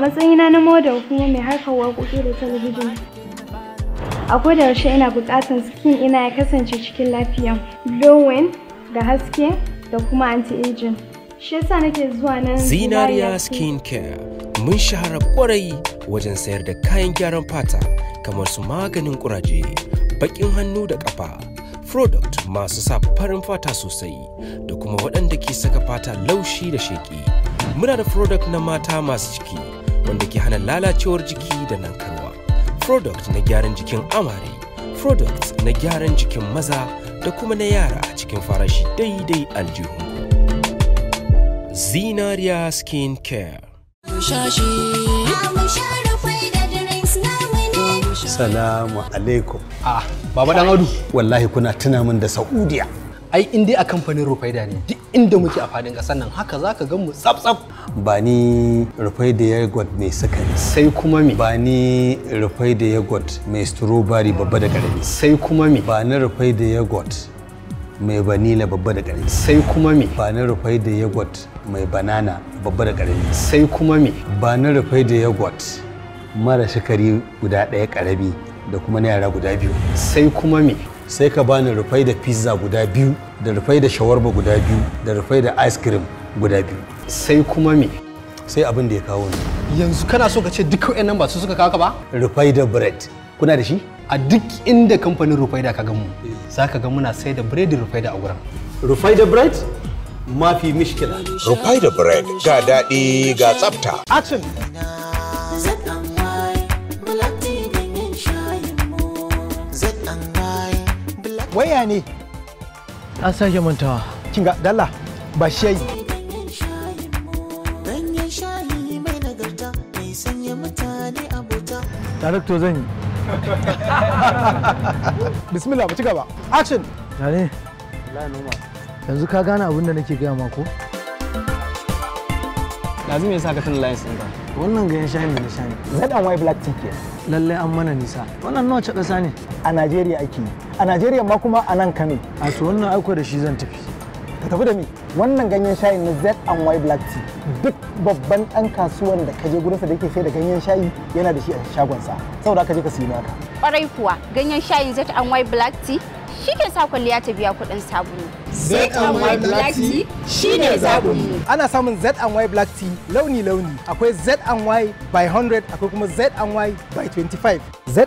matsayina na model kuma mai harkar waƙoƙi da talabijin a koda yaushe ina buƙatar skin ina ya kasance cikin lafiya glowing da haske da kuma anti-aging shi yasa nake zuwa nan zinariya skin care mun shahara kwarai wajen sayar da kayan gyaran fata kamar su maganin ƙuraje, bakin hannu da ƙafa, product masu sa farin fata sosai da kuma waɗanda ke saka fata laushi da sheƙi muna da product na mata masu ciki wanda ke hana lalacewar jiki da nan nankarwa product na gyaran jikin amare product na gyaran jikin maza da kuma na yara a cikin farashi daidai aljihun zinariya skin care salamu alaikum ah baba dan wallahi kuna tuna min da saudiya ai in dai a kamfanin rufaida ne duk inda muke a fadin kasar nan haka za ka gan mu tsaf tsaf ba ni rufaida yogurt mai sukari sai kuma me ba ni rufaida yogurt mai strawberry babba da karami sai kuma me ba ni rufaida yogurt mai vanilla babba da karami sai kuma me ba ni rufaida yogurt mai banana babba da karami sai kuma me ba ni rufaida yogurt mara shikari guda ɗaya karami da kuma na yara guda biyu sai kuma me sai ka bani rufai da pizza guda biyu da rufai da shawarma guda biyu da rufai da ice cream guda biyu sai kuma me sai abin da ya kawo ni yanzu kana so ka ce duk nan ba su suka kawo ka ba rufai da bread kuna da shi a duk inda kamfanin rufai da ka ga mu za ka ga muna sai da bread rufai da a wurin. rufai da bread mafi mishkila rufai da bread ga daɗi ga tsafta action waya ne an sake mantawa kin ga dalla ba yi. Darakto zan yi. Bismillah ba ci gaba. Action. Tare. Yanzu ka gane abin da nake gaya mako. ko? Lazim ya sa ka tuna sun ba. wannan ganyen shayi da na sha ne ZNY black tea ke lallai an mana nisa wannan nawa ce ƙasa ne a Najeriya ake yi a Najeriya ma kuma a nan Kano a su wannan aiko da shi zan tafi ka tafi da ni wannan ganyen shayi na y black tea duk babban ɗan kasuwan da kaje gurinsa da yake sai da ganyen shayi yana da shi a shagonsa saboda ka je ka siyi naka kwarai kuwa ganyen shayin y black tea shi ke sa kwalliya ta biya kuɗin sabulu. Z Y Black Tea shi ne zaɓinmu. Ana samun Z Y Black Tea launi-launi akwai Z Y by 100 akwai kuma Z Y by 25.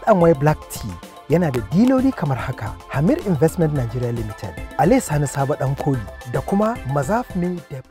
Y Black Tea yana da diloli kamar haka Hamir Investment Nigeria Limited, Ale Sani Sabo Koli da kuma Mazaf Mill Depot.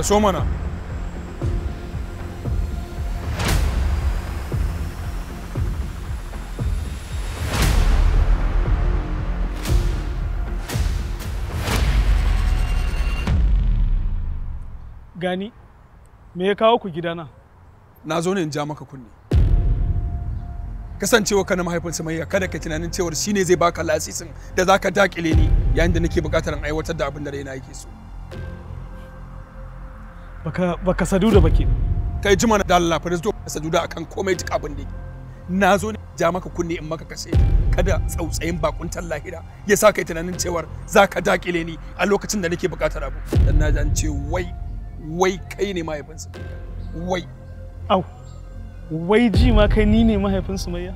da so mana gani me ya kawo ku gidana na zo ne in ja maka kunni kasancewa ka na mahaifin samayya kada ka tunanin cewar shine zai baka lasisin da zaka dakile ni yayin da nake bukatar aiwatar da abin da raina yake so baka sadu da baki kai ji mana da Allah fa zo da akan komai duk abin da na zo ne ja maka kunne in maka kashe kada tsautsayin bakun lahira ya sa kai tunanin cewar za ka dakile ni a lokacin da nake bukatar abu dan na jan ce wai wai kai ne su wai au wai ji ma kai ni ne su mayya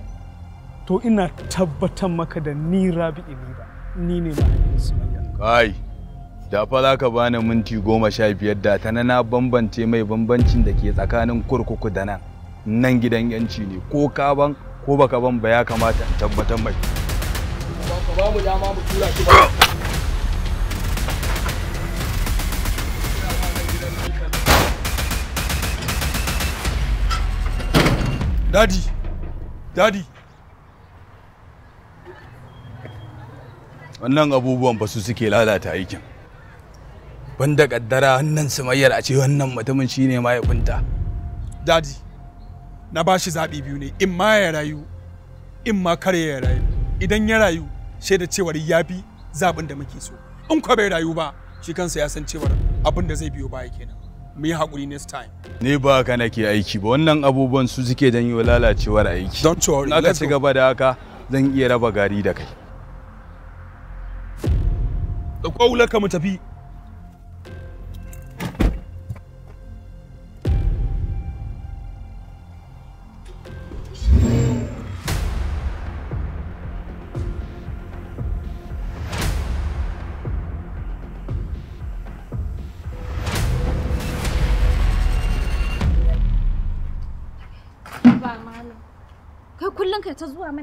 to ina tabbatar maka da ni rabi'i ni ba ni ne su mayya kai da fa za ka bani minti goma sha biyar da ta na bambance mai bambancin da ke tsakanin kurkuku da nan nan gidan yanci ne ko ka ban ko baka ban ba ya kamata in tabbatar mai ba mu dama mu tura shi ba Daddy, daddy. Wannan abubuwan ba su suke lalata aikin. banda kaddara wannan sumayyar a ce wannan mutumin shine mahaifinta daddy na ba shi zaɓi biyu ne in ma ya rayu in ma kare ya rayu idan ya rayu sai da cewar ya bi zaɓin da muke so in kwa bai rayu ba shi kansa ya san cewar abin da zai biyo baya kenan mu yi haƙuri next time ni ba ka nake aiki ba wannan abubuwan su suke janyo lalacewar aiki don cewa na ka ci gaba da haka zan iya raba gari da kai da kwaula ka mu tafi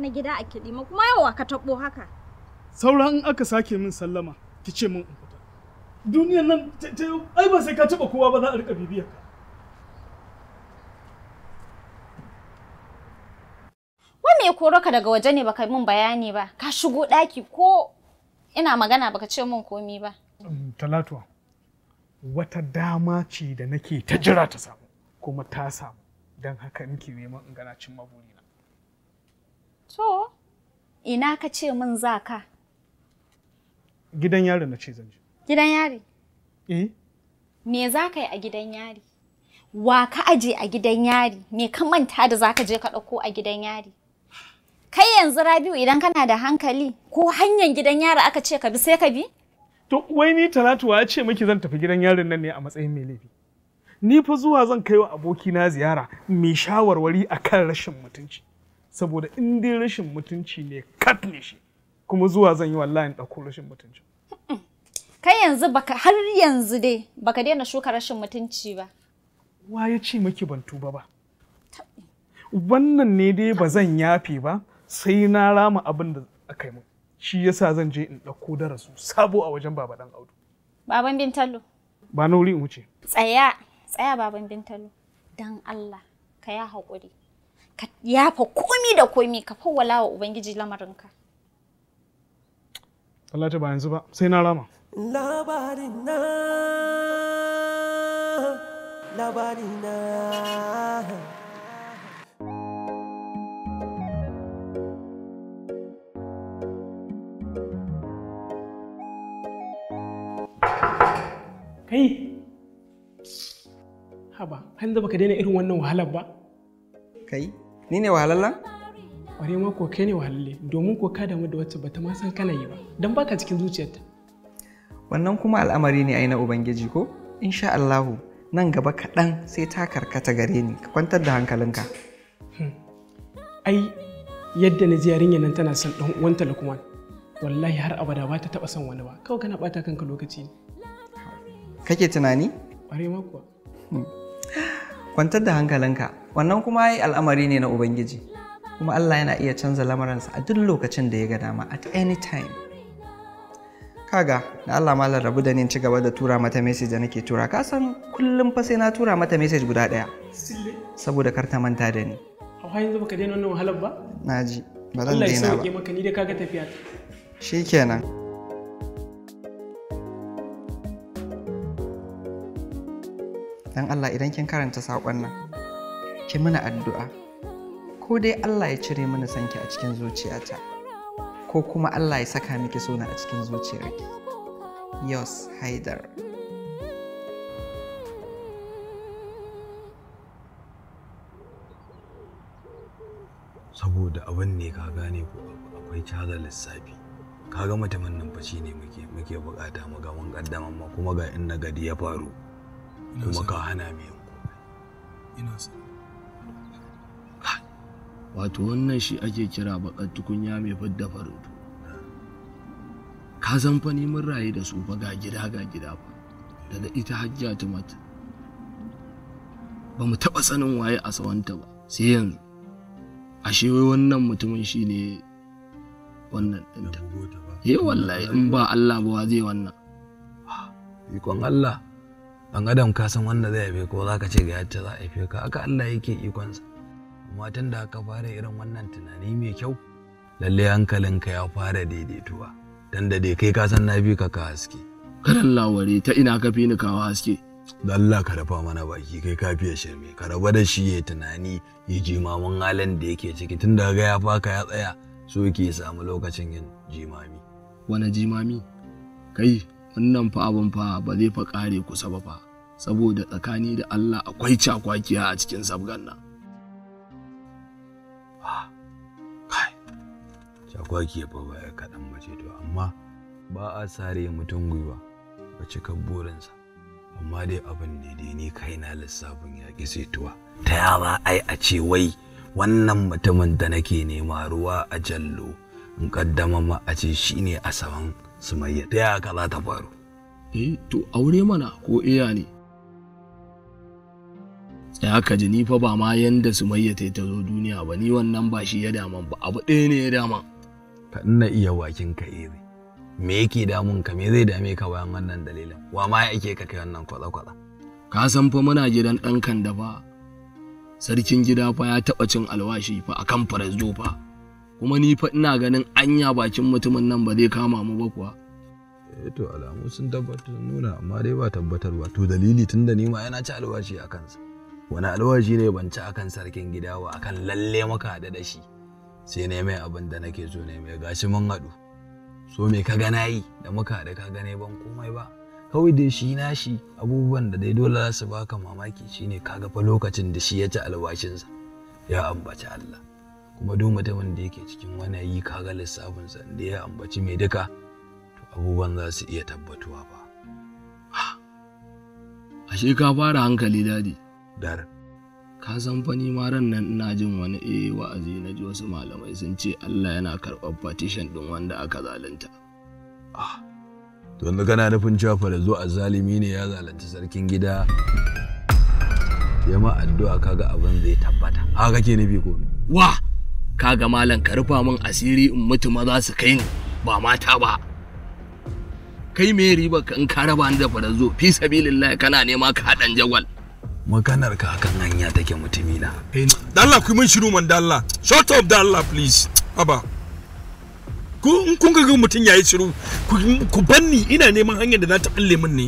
na gida a kiɗima kuma yawa ka taɓo haka. Sauran aka sake min sallama ki ce min fita. Duniyar nan ai ba sai ka taɓa kowa ba za a riƙa bibiyar ka. Wai me koro ka daga waje ne baka min bayani ba ka shigo ɗaki ko ina magana baka ce min komi ba. Mm, Talatuwa wata dama ce da nake ta jira ta samu kuma ta samu don haka nake neman in gana cin maburina. so ina ka ce min za ka? Gidan yari na ce zanje. Gidan yari? Eh. Me za ka yi a gidan yari? Wa ka aje a gidan yari? Me ka manta da za ka je ka ɗauko a gidan yari? Kai yanzu Rabiu idan kana da hankali ko hanyar gidan yari aka ce ka bi sai ka bi? To wai ni Talatu ya ce miki zan tafi gidan yarin nan ne a matsayin mai laifi. Ni fa zuwa zan kai wa abokina ziyara mai shawarwari akan rashin mutunci. saboda in dai rashin mutunci ne kat ne shi kuma zuwa zan yi wallahi in ɗauko rashin mutunci kai yanzu baka har yanzu dai baka daina shuka rashin mutunci ba wa ya ce maki ban tuba ba wannan ne dai ba zan yafe ba sai na rama abin da aka yi min shi yasa zan je in ɗauko darasu sabo a wajen baba dan audu baban bintalo ba na in wuce tsaya tsaya baban bintalo dan Allah ka ya haƙuri ka yafa komi da komi ka fawwala wa ubangiji lamarinka Allah ta ba yanzu ba sai na rama labarin na labarin na kai haba hanzu baka daina irin wannan wahalar ba kai ni ne wahalallan Ware ma ko kai ne wahalalle domin ko ka damu da wacce bata ma san kana yi ba don baka cikin zuciyarta wannan kuma al'amari ne ai na ubangiji ko insha Allahu nan gaba kaɗan sai ta karkata gare ni ka kwantar da hankalinka hmm. ai yadda na ji yarinya nan tana son ɗan uwanta talakuma wallahi har abada ba ta taɓa son wani ba kawai kana ɓata kanka lokaci ne kake tunani ƙware ma kuwa hmm. kwantar da hankalinka wannan kuma ai al'amari ne na ubangiji kuma Allah yana iya canza lamaransa a duk lokacin da ya ga dama at any time kaga da Allah malar rabu da ni ci gaba da tura mata message da nake tura ka san kullum fa sai na tura mata message guda daya saboda kar ta manta da ni a yanzu baka daina wannan wahalar ba naji ba zan daina ba Allah ya sauke maka ni da kaga tafiya shikenan dan Allah idan kin karanta saƙon nan ki mana addu'a ko dai Allah ya cire mana sanki a cikin zuciyata ko kuma Allah ya saka miki suna a cikin zuciyarki yos haidar saboda abin ne ka gane ko akwai caza lissafi ka ga mutumin nan ne muke muke bukata mu ga mun kuma ga inda gadi ya faru kuma ka hana mu yin komai ina wato wannan shi ake kira baƙar tukunya mai fidda farutu ka san fa ni mun rayu da su ba ga gida ga gida ba. daga ita hajja tumat ba mu taɓa sanin waye a sawanta ba sai yanzu a wai wannan mutumin shi ne wannan ɗinta eh wallahi in ba Allah ba zai wannan ikon Allah dan adam ka san wanda zai haife ko za ka ce ga yadda za a haife ka aka Allah yake ikonsa amma tun da aka fara irin wannan tunani mai kyau lalle hankalinka ya fara daidaituwa dan da dai kai ka san na bi ka ka haske karan laware ta ina ka fi ni kawo haske da ka dafa mana baki kai ka fiye shirme ka raba da shi ya tunani ya jimamin halin da yake ciki tun da ga ya faka ya tsaya so yake samu lokacin yin jimami wani jimami kai wannan fa abin fa ba zai fa kare kusa ba fa saboda tsakani da Allah akwai cakwakiya a cikin sabgan nan kai jagwagi ba ba kaɗan mace to amma ba a sare mutum gwiwa ba cika burinsa amma dai abin ne dai ni lissafin ya ƙi setuwa ta yawa ai a ce wai wannan mutumin da nake nema ruwa a jallo in kaddama ma a ce shine a saman sumayya ta yaka za ta faru eh to aure mana ko iya ne da haka ji ni fa ba ma yanda su ta ta zo duniya ba ni wannan ba shi ya daman ba abu ɗaya ne ya dama ka ina iya wakin ka iri me yake damun ka me zai dame ka bayan wannan dalilin wa ma yake ka kai wannan kwatsa-kwatsa ka san fa muna gidan ɗan da fa sarkin gida fa ya taɓa cin alwashi fa a kan farazdo fa kuma ni fa ina ganin anya bakin mutumin nan ba zai kama mu ba kuwa eh to alamu sun tabbatar nuna amma dai ba tabbatarwa to dalili tunda ni ma yana ci alwashi a kansa wani alwashi ne ban ci akan sarkin gida ba akan lalle maka haɗu da shi sai ne mai abin da nake so ne mai gashi mun haɗu so me ka gana yi da muka haɗu ka gane ban komai ba kawai da shi na shi abubuwan da dai dole za su baka mamaki shine kaga fa lokacin da shi ya ci alwashinsa ya ambaci Allah kuma duk mutumin da yake cikin wani yi kaga lissafinsa da ya ambaci mai duka to abubuwan za su iya tabbatuwa ba ah! ashe ka fara hankali dadi dar ka san fani ma ran nan ina jin wani eh wa'azi na ji wasu malamai sun ce Allah yana karɓar partition din wanda aka zalunta ah to yanzu kana nufin cewa fa da zalimi ne ya zalunta sarkin gida ya addu'a kaga abin zai tabbata ha kake nufi ko wa kaga malam ka rufa min asiri in mutu maza za su kai ni ba mata ba kai me riba ka in ka raba ni da farazo fi sabilillah kana nema ka hadan jawal maganar ka hakan hanya take mutumi na eh, dalla ku mun shiru man dalla shut up dalla please aba ku in kun ga mutun yayi shiru ku banni ina neman hanyar da za ta kalle min ne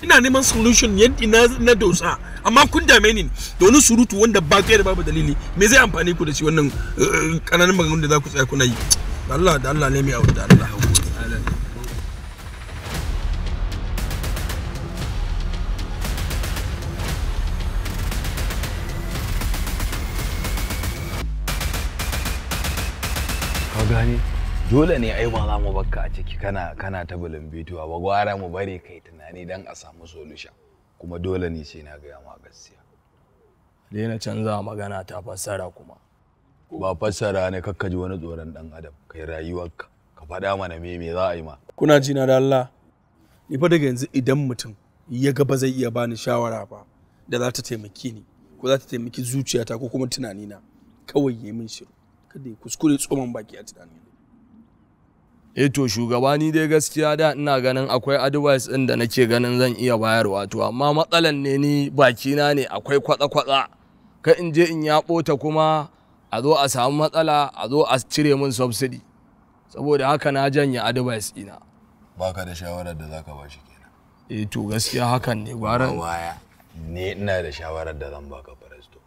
ina neman solution yadda na, na dosa amma kun dame ni don surutu wanda ba kai da babu dalili me zai amfani ku da shi wannan kananan eh, eh, maganganun da za ku tsaya kuna yi da Allah da Allah ne mai aure da Allah dole ne ai ba za mu bakka a ciki kana kana ta bituwa ba gwara mu bare kai tunani dan a samu solution kuma dole ne sai na gaya ma gaskiya daina canza magana ta fassara kuma ba fassara ne kakka ji wani tsoron dan adam kai rayuwarka ka faɗa mana me me za a yi ma kuna ji na da Allah ni fa daga yanzu idan mutum ya ga ba zai iya bani shawara ba da za ta taimake ni ko za ta taimaki zuciyata ko kuma tunani na kawai yi min shiru kada ya kuskure tsoman baki a tunanina eh to shugaba ni dai gaskiya da ina ganin akwai advice din da nake ganin zan iya bayarwa to amma matsalan ne ni bakina ne akwai kwatsa-kwatsa ka in je in yabo ta kuma a zo a samu matsala a zo a cire min subsidy saboda haka na janye advice ina baka da shawarar da zaka bashi kenan eh to gaskiya hakan ne gwaran waya ne ina da shawarar da zan baka kwakwalwa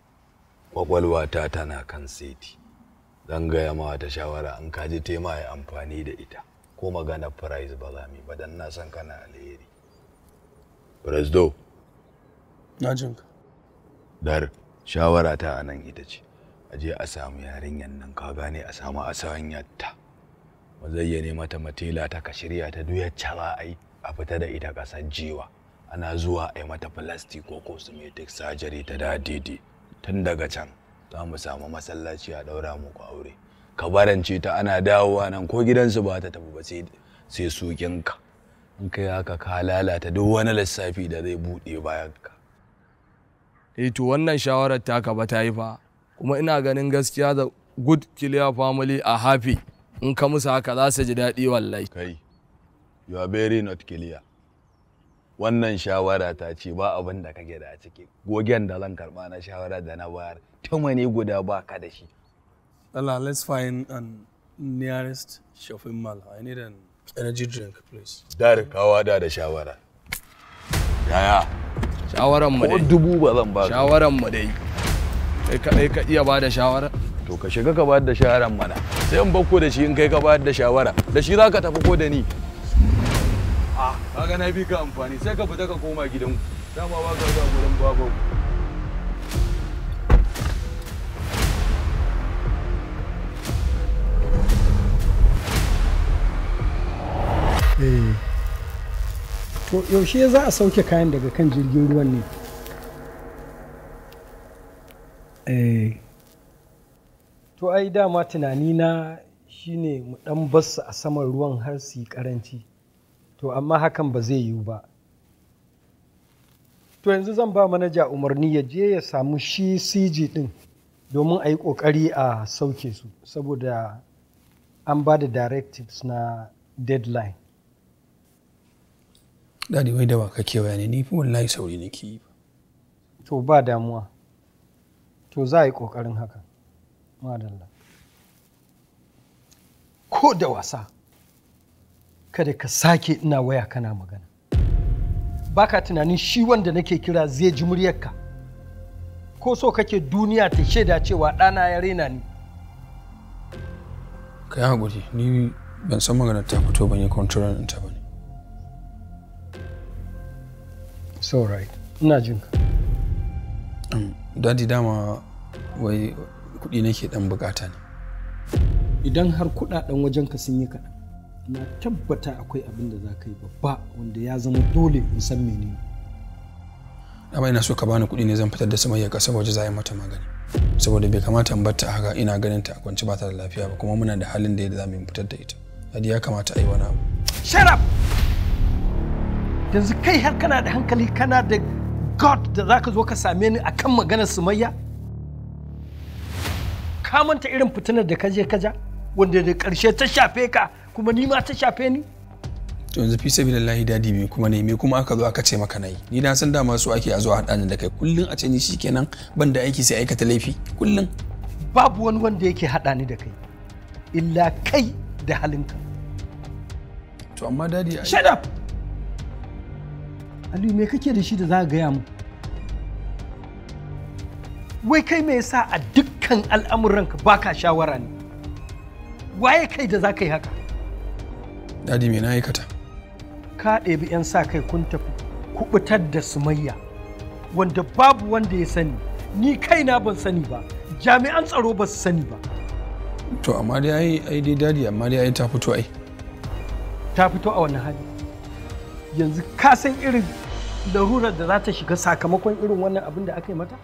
kwakwalwata tana kan seti zan gaya ma ta shawara an ka ji tema ya amfani da ita ko magana price ba za mu ba dan na san kana alheri presdo na jin ka dar shawara ta anan ita ce a je a samu yarinyan nan ka gane a samu a hanyar ta mazayyane mata matila ta ka shirya ta duyar ba a a fita da ita kasar jiwa ana zuwa a yi mata plastic ko cosmetic surgery ta da daidai tun daga can za mu samu masallaci a ɗaura muku aure ka barance ta ana dawowa nan ko gidansu ba ta tafi ba sai sukinka in kai haka ka lalata duk wani lissafi da zai buɗe bayan ka eh to wannan shawarar ta ka ba ta yi fa kuma ina ganin gaskiya da good clear family a happy in ka musu haka za su ji daɗi wallahi kai you are very not clear wannan shawara ta ce ba abin da kake da a ciki gogen da zan karba na shawara da na bayar tumani guda ba ka da shi Allah let's find an nearest shopping mall I need an energy drink please dar kawa da da shawara yaya shawaran mu dai ko dubu ba zan ba shawaran mu dai kai kadai ka iya ba da shawara to ka shiga ka ba da shawaran mana sai in bakko da shi in kai ka ba da shawara da shi zaka tafi ko da ni kaga na bi ka amfani sai ka fita ka koma gidan dama ba ka zuwa gurin babu eh. To yaushe za a sauke kayan daga kan jirgin ruwan ne? Eh. To ai dama tunani na shine mu ɗan bassa a saman ruwan har su yi karanci. to amma hakan ba zai yiwu ba to yanzu zan ba manaja umarni ya je ya samu shi cg din domin a yi kokari a sauke su saboda an ba da directives na deadline Dadi wai da ba ka kewaya ne ni wallahi sauri nake yi to ba damuwa to za a yi ƙoƙarin hakan madalla ko da wasa kada ka sake ina waya kana magana baka tunanin shi wanda nake kira zai ji muryarka ko so kake duniya ta shaida cewa ɗana ya rena ni ka yi haƙuri ni ban san maganar ta fito ban yi kwantarar ɗinta ba ne so right ina jin ka um, dadi dama wai kuɗi nake ɗan bukata ne idan har kuɗaɗen wajenka sun yi kaɗan na tabbata akwai abin da za ka yi babba wanda ya zama dole in san menene dama ina so ka bani kuɗi ne zan fitar da samayya ka waje za a yi mata magani saboda bai kamata in batta haka ina ganin ta a kwance ba ta da lafiya ba kuma muna da halin da za mu fitar da ita hadi ya kamata a yi wani abu sharaf yanzu kai har kana da hankali kana da god da za ka zo ka same ni a kan maganar sumayya ka manta irin fitinar da ka je ka ja wanda da karshe ta shafe ka kuma ni ma ta shafe ni to yanzu fi sabilillahi dadi me kuma ne me kuma aka zo aka ce maka nayi ni na san dama su ake a zo haɗa da kai kullun a ce ni shikenan ban da aiki sai aikata laifi kullun babu wani wanda yake hada ni da kai illa kai da halinka to amma dadi shut up Aliyu me kake da shi da za ka gaya mu wai kai me yasa a dukkan al'amuranka baka shawara ne waye kai da za ka yi haka Dadi me na aikata? Ka ɗebi 'yan sa kai kun tafi kubutar da sumayya wanda babu wanda ya sani ni kaina ban sani ba jami'an tsaro ba su sani ba. To amma dai ai yi dai dadi amma dai ai ta fito ai. Ta fito a wannan hali. Yanzu ka san irin larurar da za ta shiga sakamakon irin wannan abin da aka yi mata?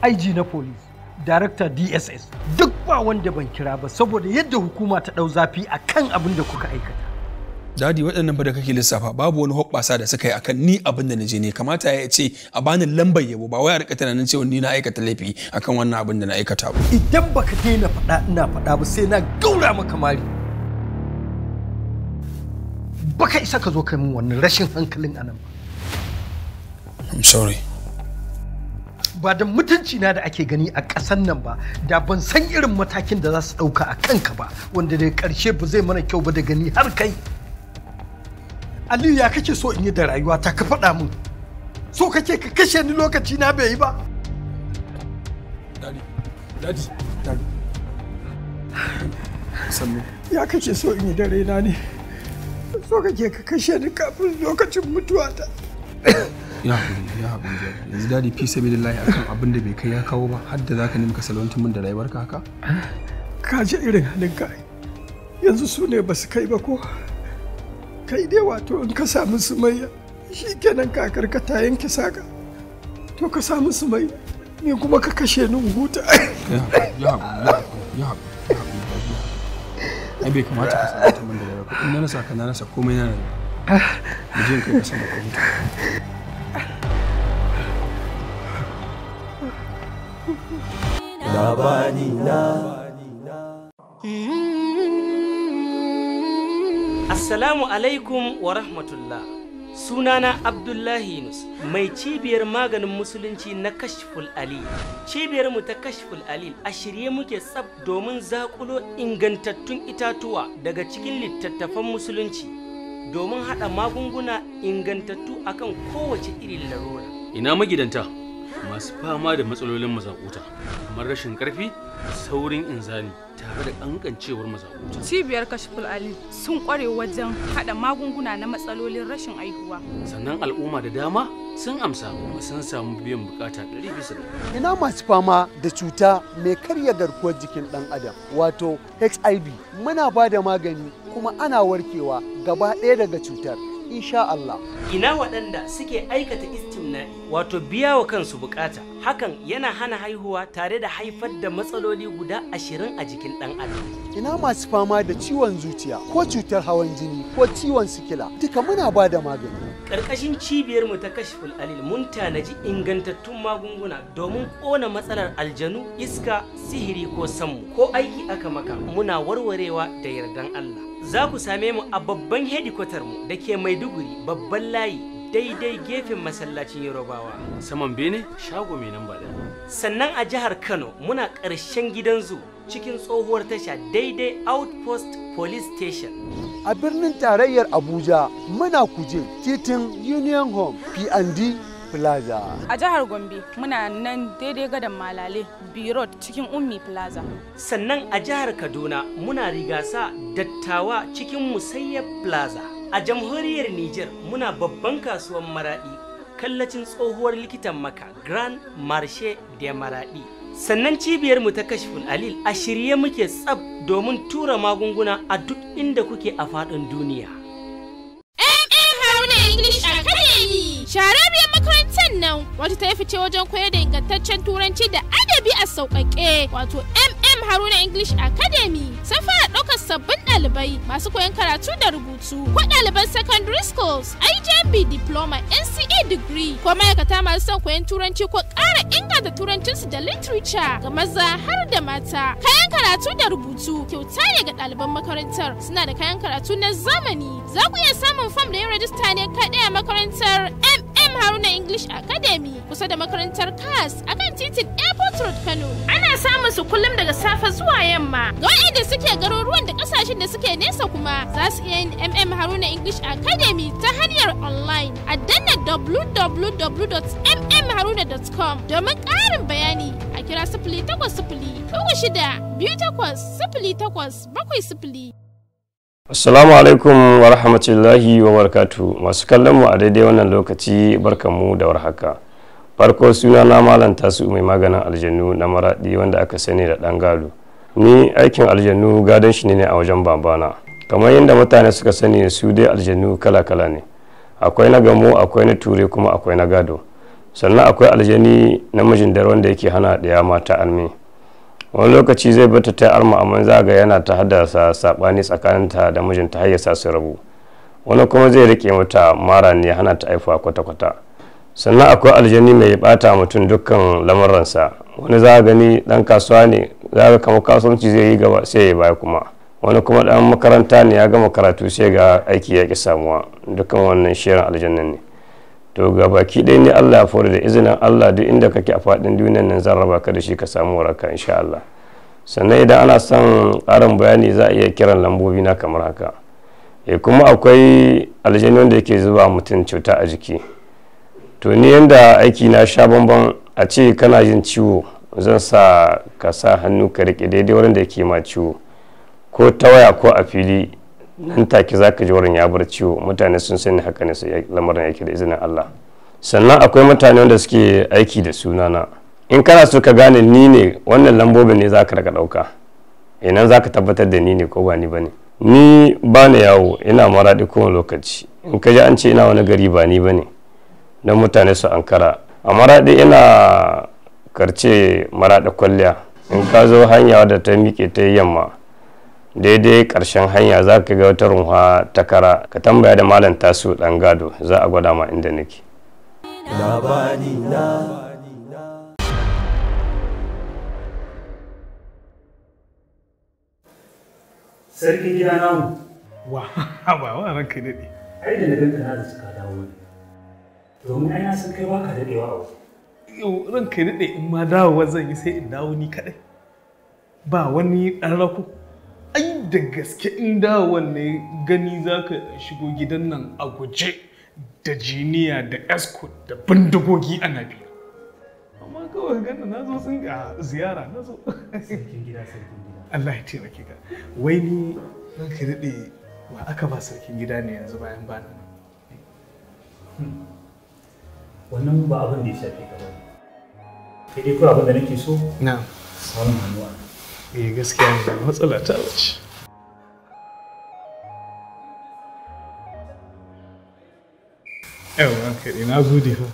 aiji na police director DSS duk ba wanda ban kira ba saboda yadda hukuma ta dau zafi a kan abin da kuka aikata. Dadi waɗannan ba da kake lissafa babu wani hoɓɓasa da suka yi akan ni abin da naje ne kamata ya ce a bani lambar yabo ba wai a rika tunanin cewa ni na aikata laifi akan wannan abin da na aikata ba. Idan baka daina faɗa ina faɗa ba sai na gaura maka mari. Baka isa ka zo kai min wannan rashin hankalin anan I'm sorry. ba da mutunci na da ake gani a ƙasan nan ba da ban san irin matakin da za su ɗauka a kanka ba wanda daga ƙarshe ba zai mana kyau ba da gani har kai aliyu ya kake so in yi da rayuwa ta ka faɗa min so kake ka kashe ni lokaci na bai yi ba ya kake so in yi da raina ne so kake ka kashe ni kafin lokacin mutuwata ya haƙuri ya haƙuri yanzu dadi fi sabi da layi akan abin da bai kai ya kawo ba har da za ka nemi ka salwantar min da rayuwar ka haka ka ji irin halin ka yanzu su ne ba su kai ba ko kai dai wato in ka samu su mai shi kenan kakar ka ta yanke saka to ka samu su mai ni kuma ka kashe ni huta ya haƙuri ya haƙuri ai bai kamata ka salwantar min da rayuwar ka in na nasa ka na nasa komai na rayuwa mu kai ka sama ka labarina Assalamu alaikum wa rahmatullah. Sunana Abdullahi Yunus, mai cibiyar maganin musulunci na Kashful Ali. Cibiyar mu ta Kashful Ali a shirye muke tsab domin zakulo ingantattun itatuwa daga cikin littattafan musulunci domin haɗa magunguna ingantattu akan kowace irin larura. Ina magidanta? masu fama da matsalolin mazakuta kamar rashin karfi saurin inzani tare da kankancewar mazakuta cibiyar kashful ali sun kware wajen hada magunguna na matsalolin rashin aihuwa sannan al'umma da dama sun amsa kuma sun samu biyan bukata 100% ina masu fama da cuta mai karya garkuwar jikin dan adam wato hiv muna ba da magani kuma ana warkewa gaba ɗaya daga cutar insha Allah ina waɗanda suke aikata istimna'i wato biya wa kansu bukata hakan yana hana haihuwa tare da haifar da matsaloli guda ashirin a jikin ɗan adam ina masu fama da ciwon zuciya ko cutar hawan jini ko ciwon sikila duka muna ba da magani ƙarƙashin cibiyarmu ta kashiful alil mun tanaji ingantattun magunguna domin ƙona matsalar aljanu iska sihiri ko sammu ko aiki aka maka muna warwarewa da yardan Allah za ku same mu a babban hedikwatar mu da ke Maiduguri babban layi daidai gefen masallacin Yorubawa. Saman bene shago mai nan ba Sannan a jihar Kano muna ƙarshen gidan zu cikin tsohuwar tasha daidai Outpost Police Station. A birnin tarayyar Abuja muna kuje titin Union Home P&D plaza a jihar gombe muna nan daidai gadon malale birot cikin ummi plaza sannan a jihar kaduna muna rigasa dattawa cikin musayyab plaza a jamhuriyar niger muna babban kasuwar maradi kallacin tsohuwar likitan maka grand marche de maradi sannan cibiyar mu ta kashifin alil a shirye muke tsab domin tura magunguna a duk inda kuke a faɗin duniya English Academy. biyan makarantar nan wato ta yi fice wajen koyar da ingantaccen turanci da adabi a sauƙaƙe wato MM Haruna English Academy. Sun fara ɗaukar sabbin ɗalibai masu koyon karatu da rubutu ko ɗaliban secondary schools, IJB diploma, NCA e degree ko ma'aikata masu son koyon turanci ko ƙara inganta turancinsu da literature ga maza har da mata. Kayan karatu da rubutu kyauta ne ga ɗaliban makarantar suna da kayan karatu na zamani. Za ku iya samun fam da yin rajista ne kaɗe a makarantar MM Haruna English Academy kusa da makarantar CAS a kan titin Airport Road Kano. Ana samun su kullum daga safe zuwa yamma. Ga waɗanda suke garuruwan da ƙasashen da suke nesa kuma za su iya yin MM Haruna English Academy ta hanyar online a danna www.mmharuna.com domin ƙarin bayani a kira sifili takwas sifili, uku shida, biyu takwas, sifili takwas, bakwai sifili. Assalamu alaikum wa rahmatullahi wa barakatu masu kallon mu a daidai wannan lokaci barkan mu da warhaka. Farko suna na malam tasu mai maganin aljannu na maraɗi wanda aka sani da ɗan gado. Ni aikin aljannu gadon shi ne a wajen babana. Kamar yadda mutane suka sani su dai aljannu kala-kala ne. Akwai na gamo, akwai na ture kuma akwai na gado. Sannan akwai aljani namijin dar wanda yake hana daya mata almi. wani lokaci zai bata ta arma amma zaga yana ta haddasa sabani tsakaninta da mijinta har ya sa su rabu wani kuma zai rike mata mara ne hana ta aifuwa kwata-kwata sannan akwai aljani mai bata mutum dukkan lamuransa wani za gani dan kasuwa ne za ga kamar kasuwanci zai yi gaba sai ya baya kuma wani kuma dan makaranta ne ya gama karatu sai ga aiki ya ki samuwa dukkan wannan shirin aljannan ne to ga baki ɗaya ne Allah ya fara da izinin Allah duk inda kake a faɗin duniyar nan zan raba ka da shi ka samu waraka insha Allah sannan idan ana son ƙarin bayani za a iya kiran lambobi na kamar haka e kuma akwai aljani wanda yake zuba mutum cuta a jiki to ni yanda aiki na sha bamban a ce kana jin ciwo zan sa ka sa hannu ka riƙe daidai wurin da yake ma ciwo ko ta waya ko a fili in take za ka ji wurin ya bar ciwo mutane sun sani haka ne lamarin yake da izinin Allah sannan akwai mutane wanda suke aiki da sunana in kana so ka gane ni ne wannan lambobin ne za ka raka ɗauka inan za ka tabbatar da ni ne ko ba ni ba ne ni ba yawo ina maraɗi kowane lokaci in ka ji an ce ina wani gari ba ni ba ne don mutane su ankara a maraɗi ina karce maraɗa kwalliya in ka zo hanya da ta miƙe ta yi yamma daidai karshen hanya za ka ga wata runwa ta kara ka tambaya da malam tasu dan gado za a gwada ma inda nake sarkin gida namu wa ba wa kai daɗe ai da na ganka na da suka dawo ne domin ai na san kai baka daɗewa a waje yau kai daɗe in ma dawowa zan yi sai in dawo ni kaɗai ba wani ɗan rako ai da gaske in da wanne gani za ka shigo gidan nan a guje da jiniya da escort da bindigogi a nabi amma kawai gana na zo sun ga ziyara na zo sarkin gida sarkin gida Allah ya taimake ka wai ni zan ka daɗe wa aka ba sarkin gida ne yanzu bayan ba nan wannan ba abin da ya shafe ka ba kai dai ko abin da nake so na samun hannuwa eh gaskiya ne matsala ta wuce yawan kaɗai na gode fa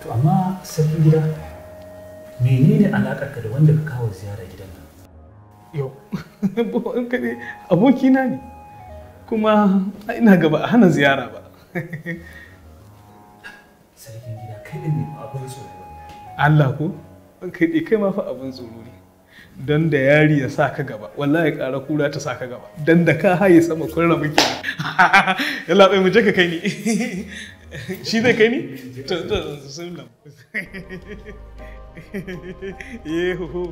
to amma sarkin gida menene ka da wanda ka kawo ziyara gidan nan yau bawan kaɗai abokina ne kuma ina gaba a hana ziyara ba sarkin gida kai ne abin tsoro Allah ko kai kai ma fa abin tsoro don da yari ya sa ka gaba wallahi ƙara kura ta sa ka gaba don da ka haye sama kun rabu ke ya labai mu je kai ni shi zai kai ni to to sun nan yeho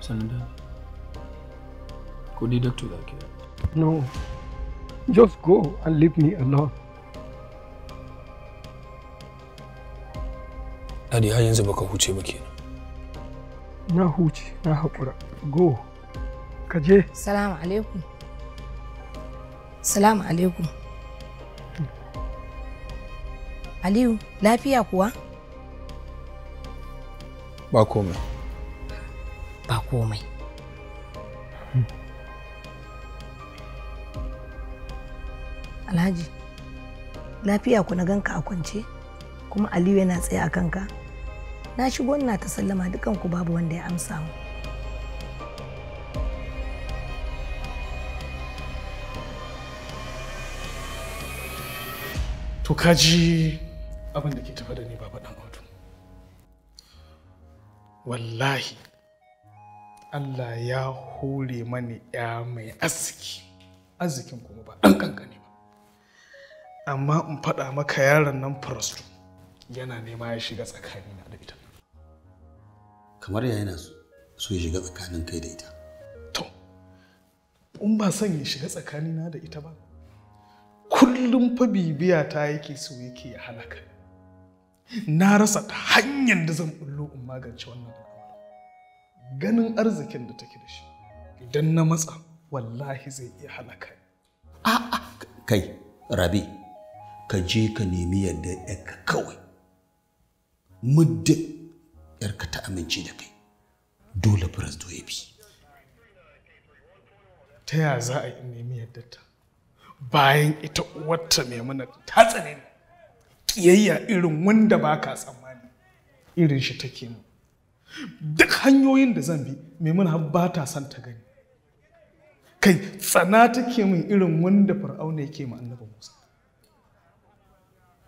sanda ko dai doctor da ke no just go and leave me alone Adi, har yanzu baka huce ba kenan. na huce na haƙura go ka je salamu alaikum salamu alaikum aliyu lafiya kuwa ba komai ba komai alhaji lafiya ku na ganka a kwance kuma aliyu yana tsaye a kanka na shigo na ta sallama dukanku babu wanda ya amsa mu to kaji abin da ke tafa da ni baba dan audu wallahi Allah ya hore mani ya mai aski arzikin kuma ba dan ba amma in faɗa maka yaron nan farastu yana nema ya shiga tsakanina da ita kamar ya yana so ya shiga tsakanin kai da ita to in ba son ya shiga tsakanina da ita ba kullum fa bibiya ta yake so yake ya halaka na rasa ta hanyar da zan bullo in magance wannan al'amari ganin arzikin da take da shi idan na matsa wallahi zai iya halaka a'a kai rabi ka je ka nemi yadda ka kawai muddin yarka ta amince da kai dole firas ya bi ta ya za a yi nemi yadda bayan ita uwarta maimuna ta tsane ne kiyayya irin wanda ba ka tsammani irin shi take mu duk hanyoyin da zan bi maimuna ba ta son ta gani kai tsana take min irin wanda fir'auna yake ma annabi musa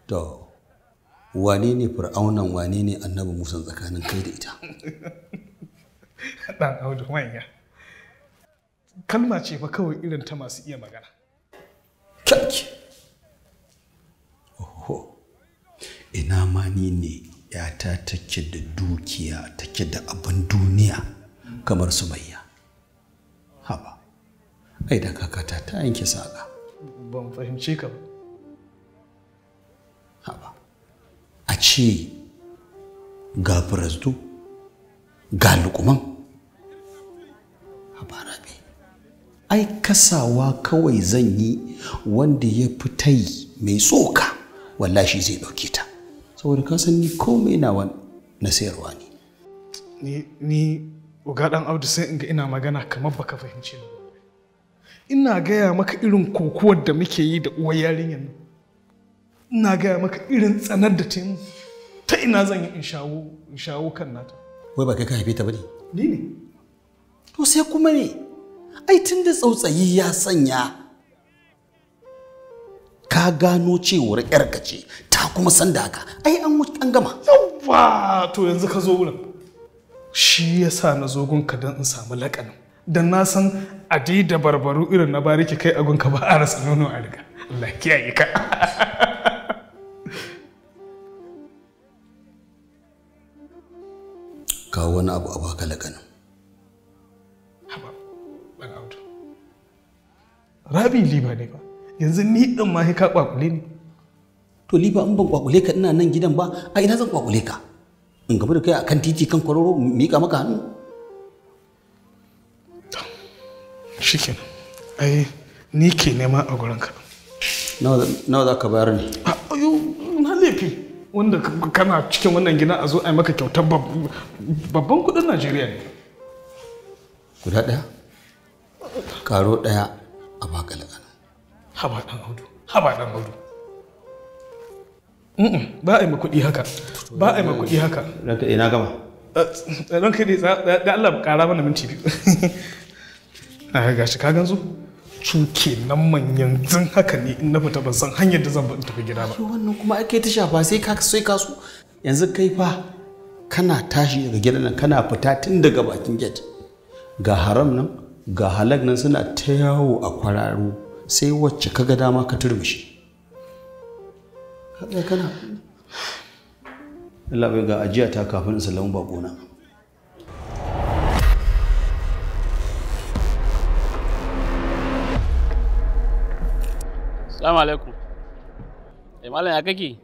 to wane ne fir'aunan wane ne annabi musan tsakanin kai da ita ɗan audu manya kalma ce ba kawai irin ta masu iya magana kyakki oho ina ma ni ne yata take da dukiya take da abin duniya kamar sumayya haba ai da kakata ta yanke saƙa ban fahimce ka ba haba a ce ga firasdu ga lukuman habarabe ai kasawa kawai zan yi wanda ya fitai mai tsoka wallashi zai ɗauke ta saboda ka san ni komai nawa na sayarwa ne ni ni uga dan audu sai in ga ina magana kamar baka fahimci ni ina gaya maka irin kokuwar da muke yi da uwar yarinyar ina gaya maka irin tsanar da taimu ta ina zan yi in shawo kan nata wai ba kai ka haife ta bane ni ne to sai kuma ne ai tun da tsautsayi ya sanya ka gano cewar yarka ce ta kuma san da haka ai an an gama yawwa to yanzu ka zo wurin shi yasa na zo gunka don in samu laƙanin? don na san adi da barbaru irin na bariki kai agunka ba a rasa nono a riga Allah kiyaye ka kawo wani abu a baka lakanin haba ban auto rabi liba ne ba yanzu ni ɗan ma ka kwakule ne to liba in ban kwakule ka ina nan gidan ba a ina zan kwakule ka in gaba da kai kan titi kan kwararo miƙa maka hannu shikenan ai ni ke nema a gurinka nawa za ka bayar ne ah, ayo na laifi wanda kana cikin wannan gina a zo a yi maka kyautar babban kudin najeriya ne guda ɗaya karo ɗaya a baka lagana haba ɗan audu haba ɗan audu ba a yi kuɗi haka ba a yi kuɗi haka ranka ina gama eh, ranka da Allah ƙara mana minti biyu a ah, shi ka ganzu cuke nan manyan zan haka ne in na fita ban san hanyar da zan tafi gida ba wannan kuma ake ta shafa sai ka sai ka so yanzu kai fa kana tashi daga gidan nan kana fita tun daga bakin gate ga haram nan ga halak nan suna ta yawo a kwararo sai wacce ka ga dama ka turmushi ka kana Allah bai ga ajiya ta kafin in salamu bakona. Salamu alaikum. Eh malam ya kake?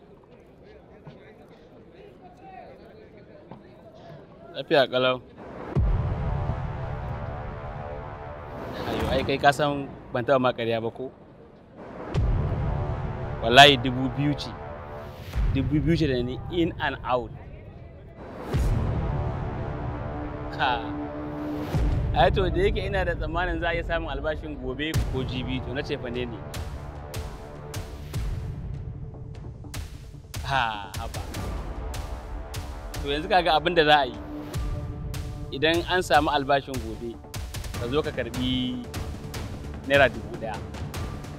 Lafiya kalau. Ayo ai kai ka san ban taba ma ƙarya ba ko? Wallahi dubu biyu ce. Dubu biyu ce da ni in and out. Ka. Ai to da yake ina da tsammanin za a iya samun albashin gobe ko jibi to na ce fa ne ne. ha haba to yanzu kaga abin da za a yi idan an samu albashin gobe ka zo ka karbi naira dubu ɗaya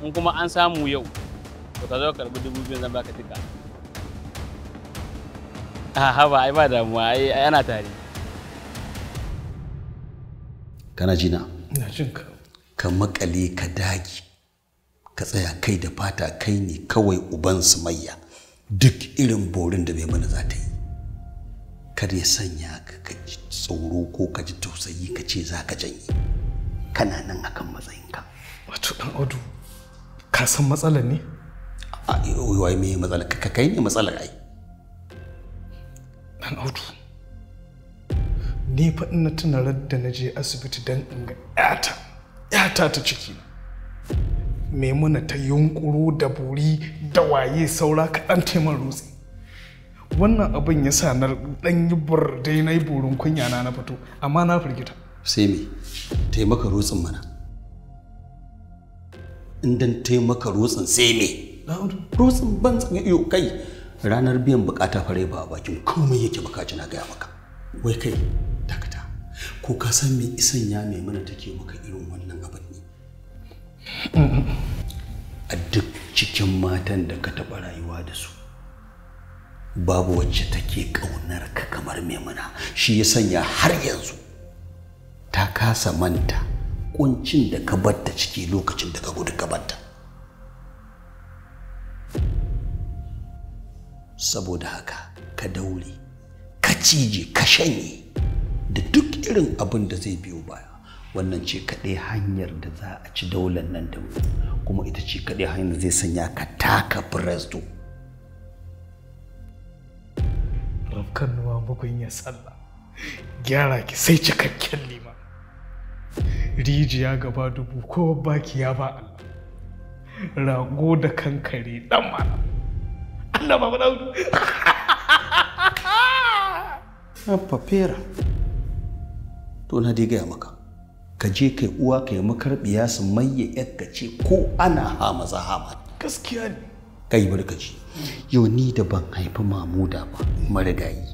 in kuma an samu yau to ka zo ka karbi dubu biyu zan baka duka ha haba ai ba damuwa ai ana tare kana jina ina jin ka ka makale ka dage ka tsaya kai da fata kai ne kawai uban sumayya duk irin borin da bai mana za ta yi kar ya sanya ka ji tsoro ko ka ji tausayi ka ce za ka janye kana nan a kan matsayinka wato dan audu ka san matsalar ne a wai me matsalar ka kai ne matsalar ai dan audu ni fa ina tuna da na je asibiti dan in ga yata yata ta ciki ne maimuna ta yunkuru da buri da waye saura kaɗan taiman rutsi wannan abin ya sa na ɗan yi dai na yi burin kunya na na fito amma na firgita sai me taimaka rutsin mana in dan taimaka rutsin sai me rutsin ban tsaye iyo kai ranar biyan bukata fare ba a bakin komai yake bukaci na gaya maka wai kai dakata ko ka san me isan ya maimuna take maka irin wannan abin a duk cikin matan da ka taɓa rayuwa da su babu wacce take ƙaunar ka kamar maimuna shi ya sanya har yanzu ta kasa manta kuncin da ka batta ciki lokacin da ka gudu ka batta saboda haka ka daure ka cije ka shanye da duk irin abin da zai biyo baya wannan ce kaɗai hanyar da za a ci daular nan da kuma ita ce kaɗai hanyar da zai sanya ka taka firazdo rafkan nuwa bugun ya sallah gyara ki sai cikakken lima rijiya gaba dubu ko baki ya ba Allah rago da kankare dan mana Allah ba ba Fafera, to na dai gaya maka, ka je kai uwa ka yi makarbiya su maye yadda ce ko ana za hama gaskiya ne kai barkaci yau ni da ban haifi mamuda ba marigayi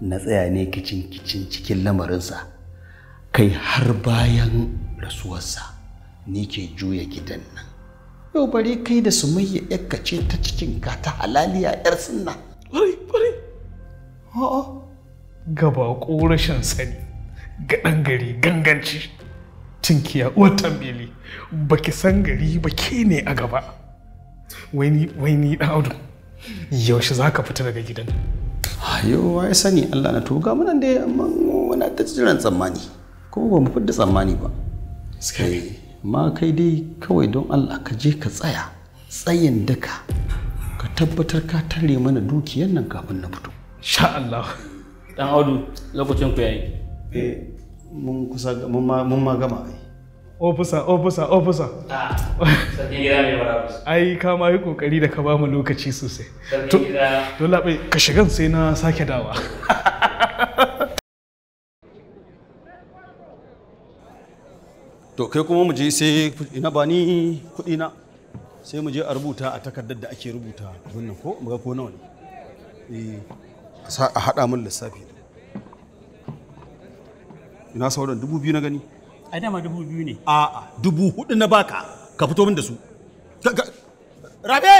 na tsaya ne kicin kicin cikin lamarinsa kai har bayan rasuwarsa ni ke juya gidan nan yau bare kai da su sumayya yadda ce ta cikin ka ta halaliya yar sunna bare bare a'a gaba ko rashin sani ɗan gari ganganci tinkiya uwar ba baki san gari ba ke ne a gaba wai ni ɗan audu yaushe za ka fita daga gidan yau wai sani allah na toga muna da wani ta jiran tsammani ko ba mu fidda tsammani ba ma kai dai kawai don allah ka je ka tsaya tsayin daka ka tabbatar ka tare mana dukiyar nan kafin na fito sha allah dan audu lokacin ku yayi eh mun kusa mun ma gama ai ofisa ofisa ofisa ai ka ma yi kokari da ka ba mu lokaci sosai gida. to labe ka shigan sai na sake dawa to kai kuma mu je sai ina ba ni kuɗi na sai mu je a rubuta a takardar da ake rubuta wannan ko mu ga ko nawa ne eh, a haɗa min lissafi ina sauran dubu biyu na gani a dama dubu biyu ne a'a dubu hudu na baka ka fito min da su rabe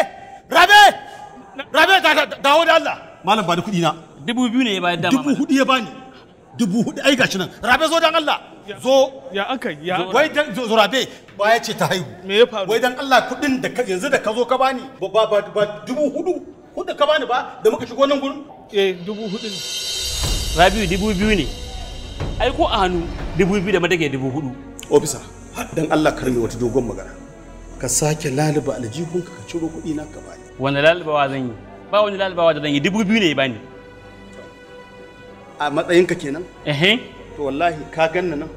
rabe rabe dawo da Allah malam ba da kudi na dubu biyu ne ya bayar dama dubu hudu ya bani dubu hudu ai gashi nan rabe zo dan Allah zo ya aka ya wai dan zo rabe ba ya ce ta haihu me ya faru wai dan Allah kuɗin da ka yanzu da ka zo ka bani ba ba dubu hudu hudu ka bani ba da muka shigo nan gurin eh dubu hudu rabiu dubu biyu ne ai ko a hannu dubu biyu da madage dubu hudu ofisa dan Allah karmi wata dogon magana ka sake laluba aljihun ka ciro kuɗi na ka bani laliba lalubawa zan yi ba wani lalubawa da zan yi dubu biyu ne bani a matsayinka kenan eh to wallahi ka ganna nan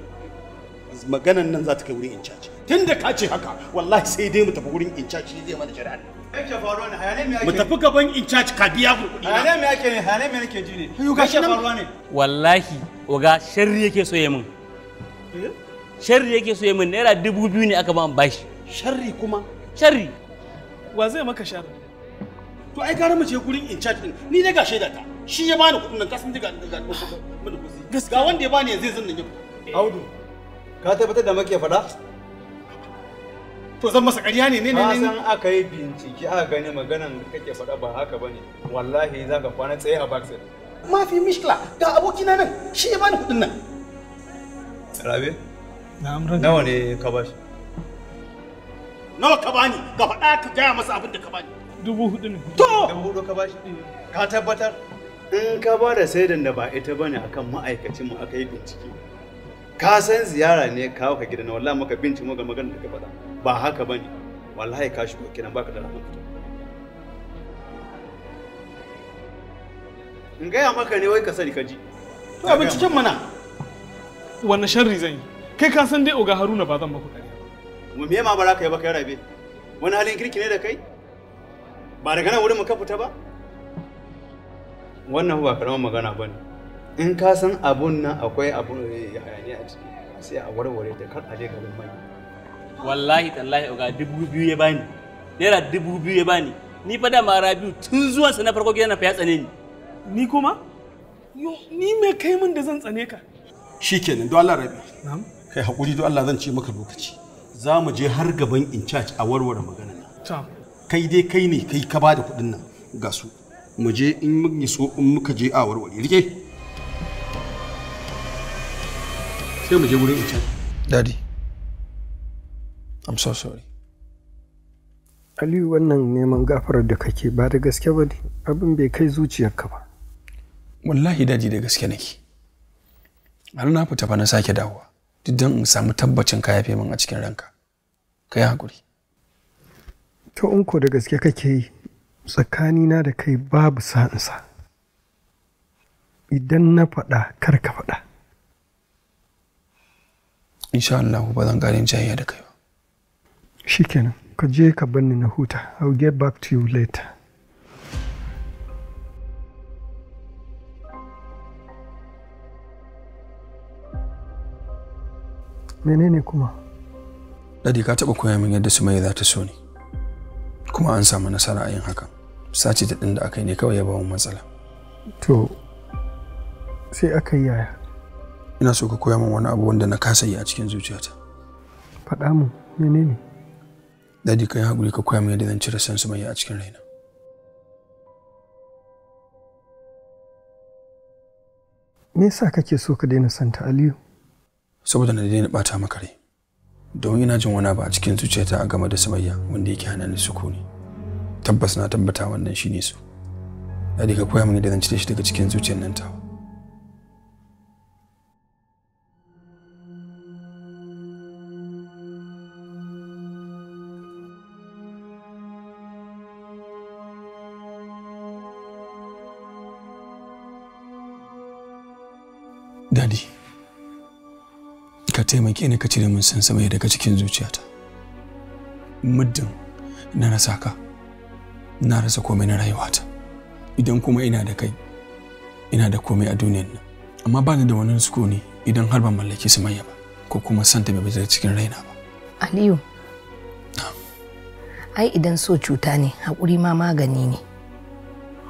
maganan nan za ta kai wurin in caji tunda ka ce haka wallahi sai dai mu tafi wurin in caji zai mana jira'a. yake faruwa ne hayanai me mu tafi gaban in charge ka biya ku me yake ne hayanai me yake ji ne yuka faruwa ne wallahi oga sharri yake so min sharri yake so min naira dubu biyu ne aka ba bashi sharri kuma sharri wa zai maka sharri to ai gara mu gurin in charge din ni dai ga shaida ta shi ya bani kuɗin nan ka san diga ga wanda ya bani yanzu zan nan ya audu ka tabbatar da make faɗa to zan masa ƙarya ne ne ne ne aka yi bincike aka gani maganan da kake faɗa ba haka bane wallahi ka kwana tsaye a baksir ma fi mishkila ga abokina nan shi ya bani kuɗin nan rabe na rabe nawa ne ka bashi nawa ka bani ga faɗa ka gaya masa abin da ka bani dubu hudu ne to dubu hudu ka bashi ka tabbatar in ka ba da saidan da ba ita bane akan ma'aikacin mu aka yi bincike ka san ziyara ne kawo ka gidan wallahi maka bincike mu ga maganar da ka faɗa ba haka bane wallahi ka shigo kenan baka da rahama in gaya maka ne wai ka sani ka ji to abin cikin mana wannan sharri zan yi kai ka san dai oga haruna ba zan maka kariya ba me ma ba ka yi ba kai rabe wani halin kirki ne da kai ba daga nan wurin mu ka fita ba wannan ba karamar magana ba ne in ka san abun nan akwai abun eh, hayaniya a ciki sai a warware da kar a je garin manya wallahi tallahi oga dubu biyu ya bani naira dubu biyu ya bani ni fa dama rabiu tun zuwan sa na farko gidan fa ya tsane ni ni kuma yo ni me kai min da zan tsane ka shikenan don Allah rabi na'am kai hakuri don Allah zan ce maka lokaci za mu je har gaban in charge a warware magana na kai dai kai ne kai ka bada kuɗin nan ga su mu je in mun so in muka je a warware rike sai mu je wurin in charge daddy I'm so sorry. Aliyu wannan neman gafarar da kake ba da gaske ba ne abin bai kai zuciyarka ba. Wallahi daji da gaske nake. Har na fita fa na sake dawowa duk don in samu tabbacin ka yafe min a cikin ranka. Ka yi hakuri. To in ko da gaske kake yi tsakanina da kai babu sa'insa. Idan na faɗa kar ka faɗa. Insha Allah ba zan ƙarin jayya da kai ba. shikenan ka je ka banni na huta i'll get back to you later menene kuma dadi ka taɓa koya min yadda sumayya za ta so ne kuma an samu nasara a yin hakan sace ta ɗin da aka yi ne kawai ya mu matsala to sai aka yi yaya ina so ka koya min wani abu wanda na kasa yi a cikin zuciyata faɗa mu menene Dadi ka yi haƙuri ka koya min yadda zan cire san mai a cikin raina. Me yasa kake so ka daina santa Aliyu? Saboda na daina bata maka rai. Domin ina jin wani ba a cikin zuciyata a game da sumayya wanda yake hana ni sukuni. Tabbas na tabbata wannan shine su. Dadi ka koya min yadda zan cire shi daga cikin zuciyar nan tawa. Dadi, ka taimake ni ka cire min san samai daga cikin zuciyata. Muddin na rasa ka, na rasa komai na rayuwata. Idan kuma ina da kai, ina da komai a duniyar nan. Amma ba ni da wani sukuni idan har ban mallaki manya ba, ko kuma santa bai fita cikin raina ba. Aliyu, ai idan so cuta ne haƙuri ma magani ne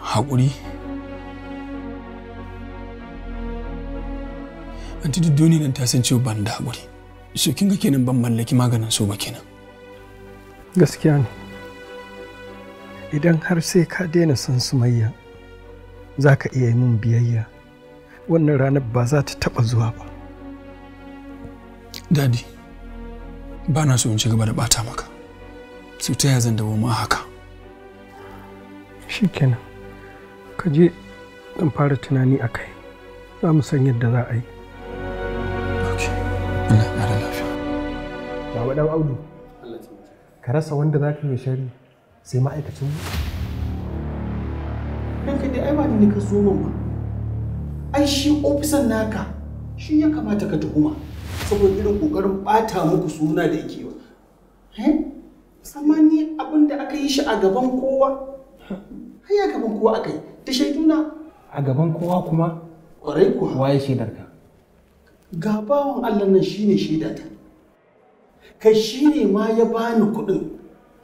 haƙuri anti duk duniya nan ta san cewa ban da haƙuri so kin ga kenan ban mallaki maganin so ba kenan gaskiya ne idan har sai ka daina son sumayya za ka iya yi min biyayya wannan ranar ba za ta taɓa zuwa ba dadi ba na so in ci gaba da ɓata maka su ta zan dawo ma haka shikenan ka je fara tunani a kai za mu san yadda za a yi wa dan audu ka rasa wanda za ka yi shari sai ma'aikacin mu ka dai ai ba ni ka so ba ai shi ofisan naka shi ya kamata ka tuhuma saboda irin kokarin bata muku suna da yake ba amma ni abin da aka yi shi a gaban kowa har ya gaban kowa aka yi ta shaiduna a gaban kowa kuma kwarai kuwa waye shaidarka gabawan allah nan shine shaidata kai shi ne ma ya bani kuɗin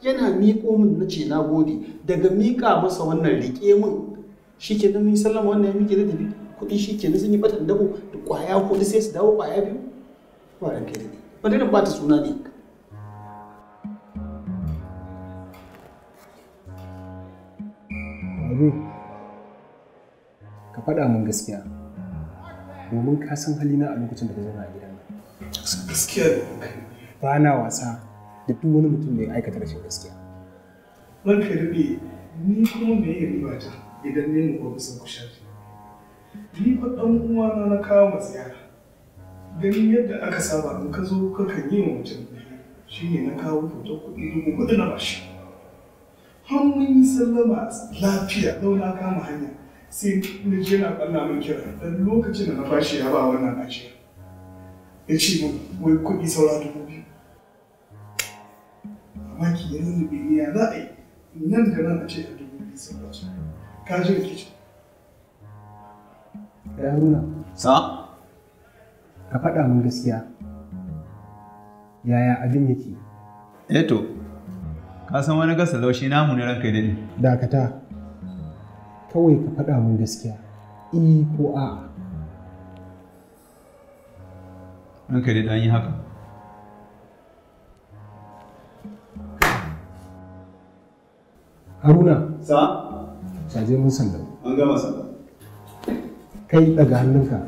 yana miƙo min na ce na gode daga miƙa masa wannan riƙe min shi ke nan sallama wannan ya miƙe da tafi kuɗi shi ke nan sun yi batan dabo da ƙwaya kuɗi sai su dawo ƙwaya biyu ba kai da ne ba dai ba ta suna ne ka faɗa min gaskiya domin ka san halina a lokacin da ka zauna a gidan nan. Gaskiya ba na wasa da duk wani mutum da ya aikata rashin gaskiya. Man karfe ni kuma me yi riba ta idan ne mu ofisin ku shafi. Ni fa ɗan uwana na kawo matsaya. Ganin yadda aka saba in ka zo ka kan yi wa mutum shi ne na kawo hoton kuɗi dubu kuɗi na bashi. Har mun yi sallama lafiya na kama hanya sai na je na ɓalla min kira dan lokacin da na bashi ya ba wannan ajiya. Ya ce min wai kuɗi saura dubu biyu. mamaki ya zan bi ya za a yi nan da nan a ce a dubu biyu sun rasu ka je kicin. Ya nuna. Sa? Ka faɗa min gaskiya. Yaya abin yake? Eh to, ka san wani gasa laushi namu ne ranka ni. Dakata, kawai ka faɗa min gaskiya, i ko a'a. Ranka da ɗan yi haka. Haruna. Sa? Saje mun sanda. An gama sanda. Kai daga hannunka.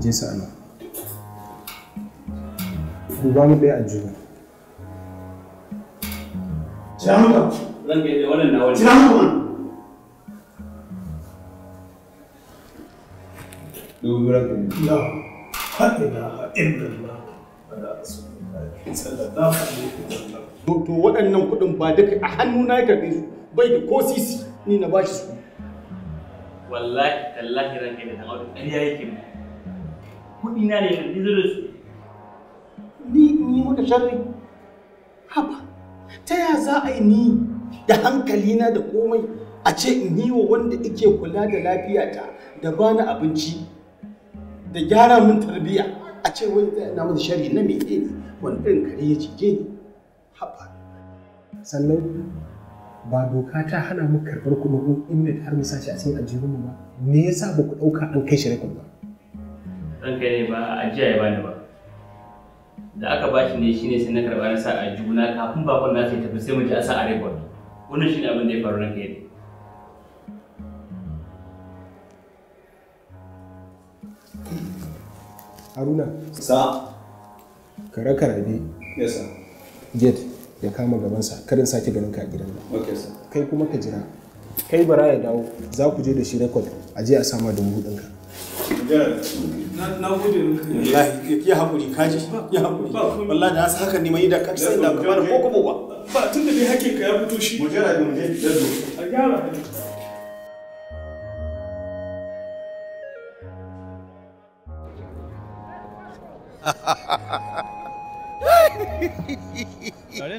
Je sa'ana. Duba mu ɗaya a juna. jangan, jangan, Zan jangan, wannan jangan, jangan, jangan, jangan dubu biyar da biyu la haɗina haɗin da la to waɗannan kuɗin ba duka a hannu na ya karɓe su bai da ko sisi ni na bashi su wallahi tallahi ranke da tawo ƙarya yake mu kuɗi na ne na dizo da su ni ni maka sharri haba ta ya za a yi ni da hankalina da komai a ce in yi wa wanda ike kula da lafiyata da bani abinci da gyara min tarbiya a ce wai na masa shari na me ne wani irin kare ya cije ni haɓa sannan ba doka ta hana mu karɓar in inda har mu sashi a cikin ajihunmu ba me yasa ba ku ɗauka an kai shi rekod ba kai ne ba ajiya ya bani ba da aka bashi ne shine sai na karɓa na sa a juna kafin bakon na sai tafi sai mu ji a sa a rekod wannan shine abin da ya faru kai ne haruna sa kare karabe yes sir gate ya kama gabansa karin sake ganin ka a gidan nan okay sir kai kuma ka jira kai bara ya dawo za ku je da shi record a je a sama da buɗin ka na gode wallahi ya hakuri kaji ya hakuri. wallahi da haka ne mai da ka sai da ka ba ko kuma ba ba tun da dai hakin ka ya fito shi mu mujarrad da mu a gyara Tare ah,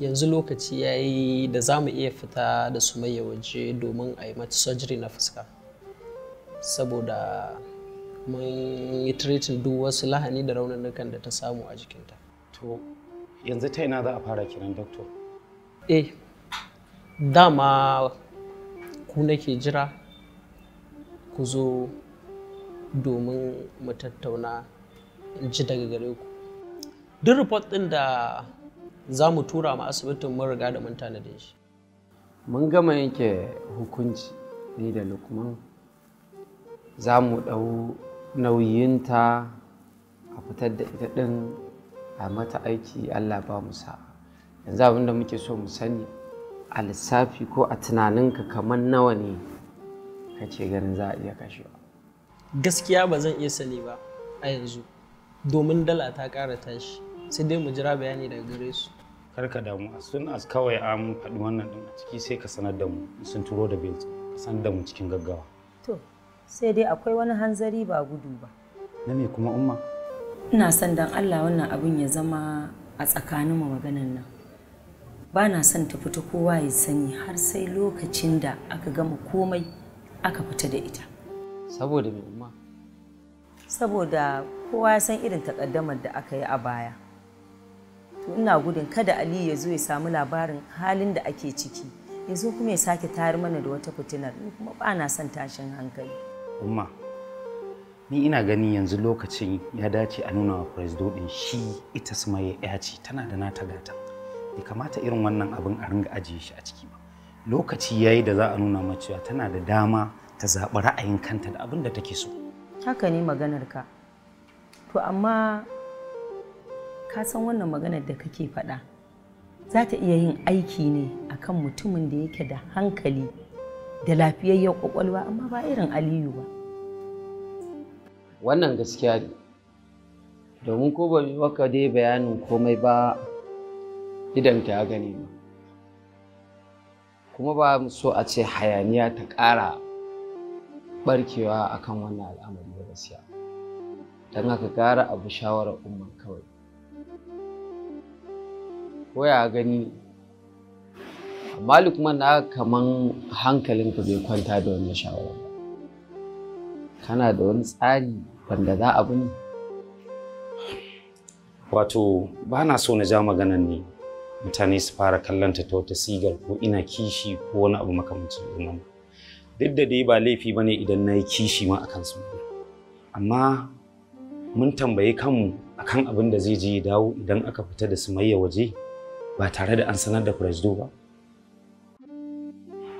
yanzu lokaci ya yi da za mu iya fita da su sumayya waje domin a yi mata surgery na fuska. saboda mun yi tiritin duk wasu lahani da raunin da ta samu a jikinta to yanzu ta yana za a fara kiran doktor? eh dama ku nake jira ku zo domin mu tattauna in ji daga gare ku duk report ɗin da za mu tura ma asibitin mun riga da mun tanadin shi mun gama yanke hukunci ni da lukman za mu ɗau nauyinta a fitar da ita ɗin a mata aiki allah ba mu sa yanzu abin da muke so mu sani a lissafi ko a tunaninka kamar nawa ne kake ganin za a iya kashewa gaskiya ba zan iya sani ba a yanzu domin dala ta ƙara tashi sai dai mu jira bayani daga gare su karka damu a sun as kawai an faɗi wannan ɗin a ciki sai ka sanar da mu sun turo da bill ka sanar da mu cikin gaggawa sai dai akwai wani hanzari ba gudu ba na me kuma umma ina son dan Allah wannan abin ya zama a tsakanin mu maganan nan ba na son ta fita kowa ya sani har sai lokacin da aka gama komai aka fita da ita saboda me umma saboda kowa ya san irin takaddamar da aka yi a baya to ina gudun kada aliyu ya zo ya samu labarin halin da ake ciki yanzu kuma ya sake tayar mana da wata fitinar kuma ba na son tashin hankali umma ni ina gani yanzu lokacin ya dace a nuna wa din shi ita sumaye ya ce tana da nata gata bai kamata irin wannan abin a ringa ajiye shi a ciki ba lokaci yi da za a nuna macewa tana da dama ta zaɓi ra'ayin kanta da abin da take so haka ne maganar ka to amma ka san wannan maganar da kake faɗa za ta iya yin aiki ne akan mutumin da yake da hankali da lafiyayyar kwakwalwa amma ba irin aliyu ba wannan gaskiya ne domin ko ba waka dai bayanin komai ba idanta ya gani ba kuma ba mu so a ce hayaniya ta ƙara barkewa akan wannan al'amari da gaskiya don haka gara abu shawarar umar kawai ko ya gani Malik kuma na kaman hankalinka bai kwanta da wani shawara Kana da wani tsari wanda za a bin? Wato ba na so na ja maganan ne mutane su fara kallon ta wata sigar ko ina kishi ko wani abu makamancin wannan. Duk da dai ba laifi bane idan na yi kishi ma akan su. Amma mun tambaye kanmu akan abin da zai je ya dawo idan aka fita da su sumayya waje ba tare da an sanar da Presdo ba.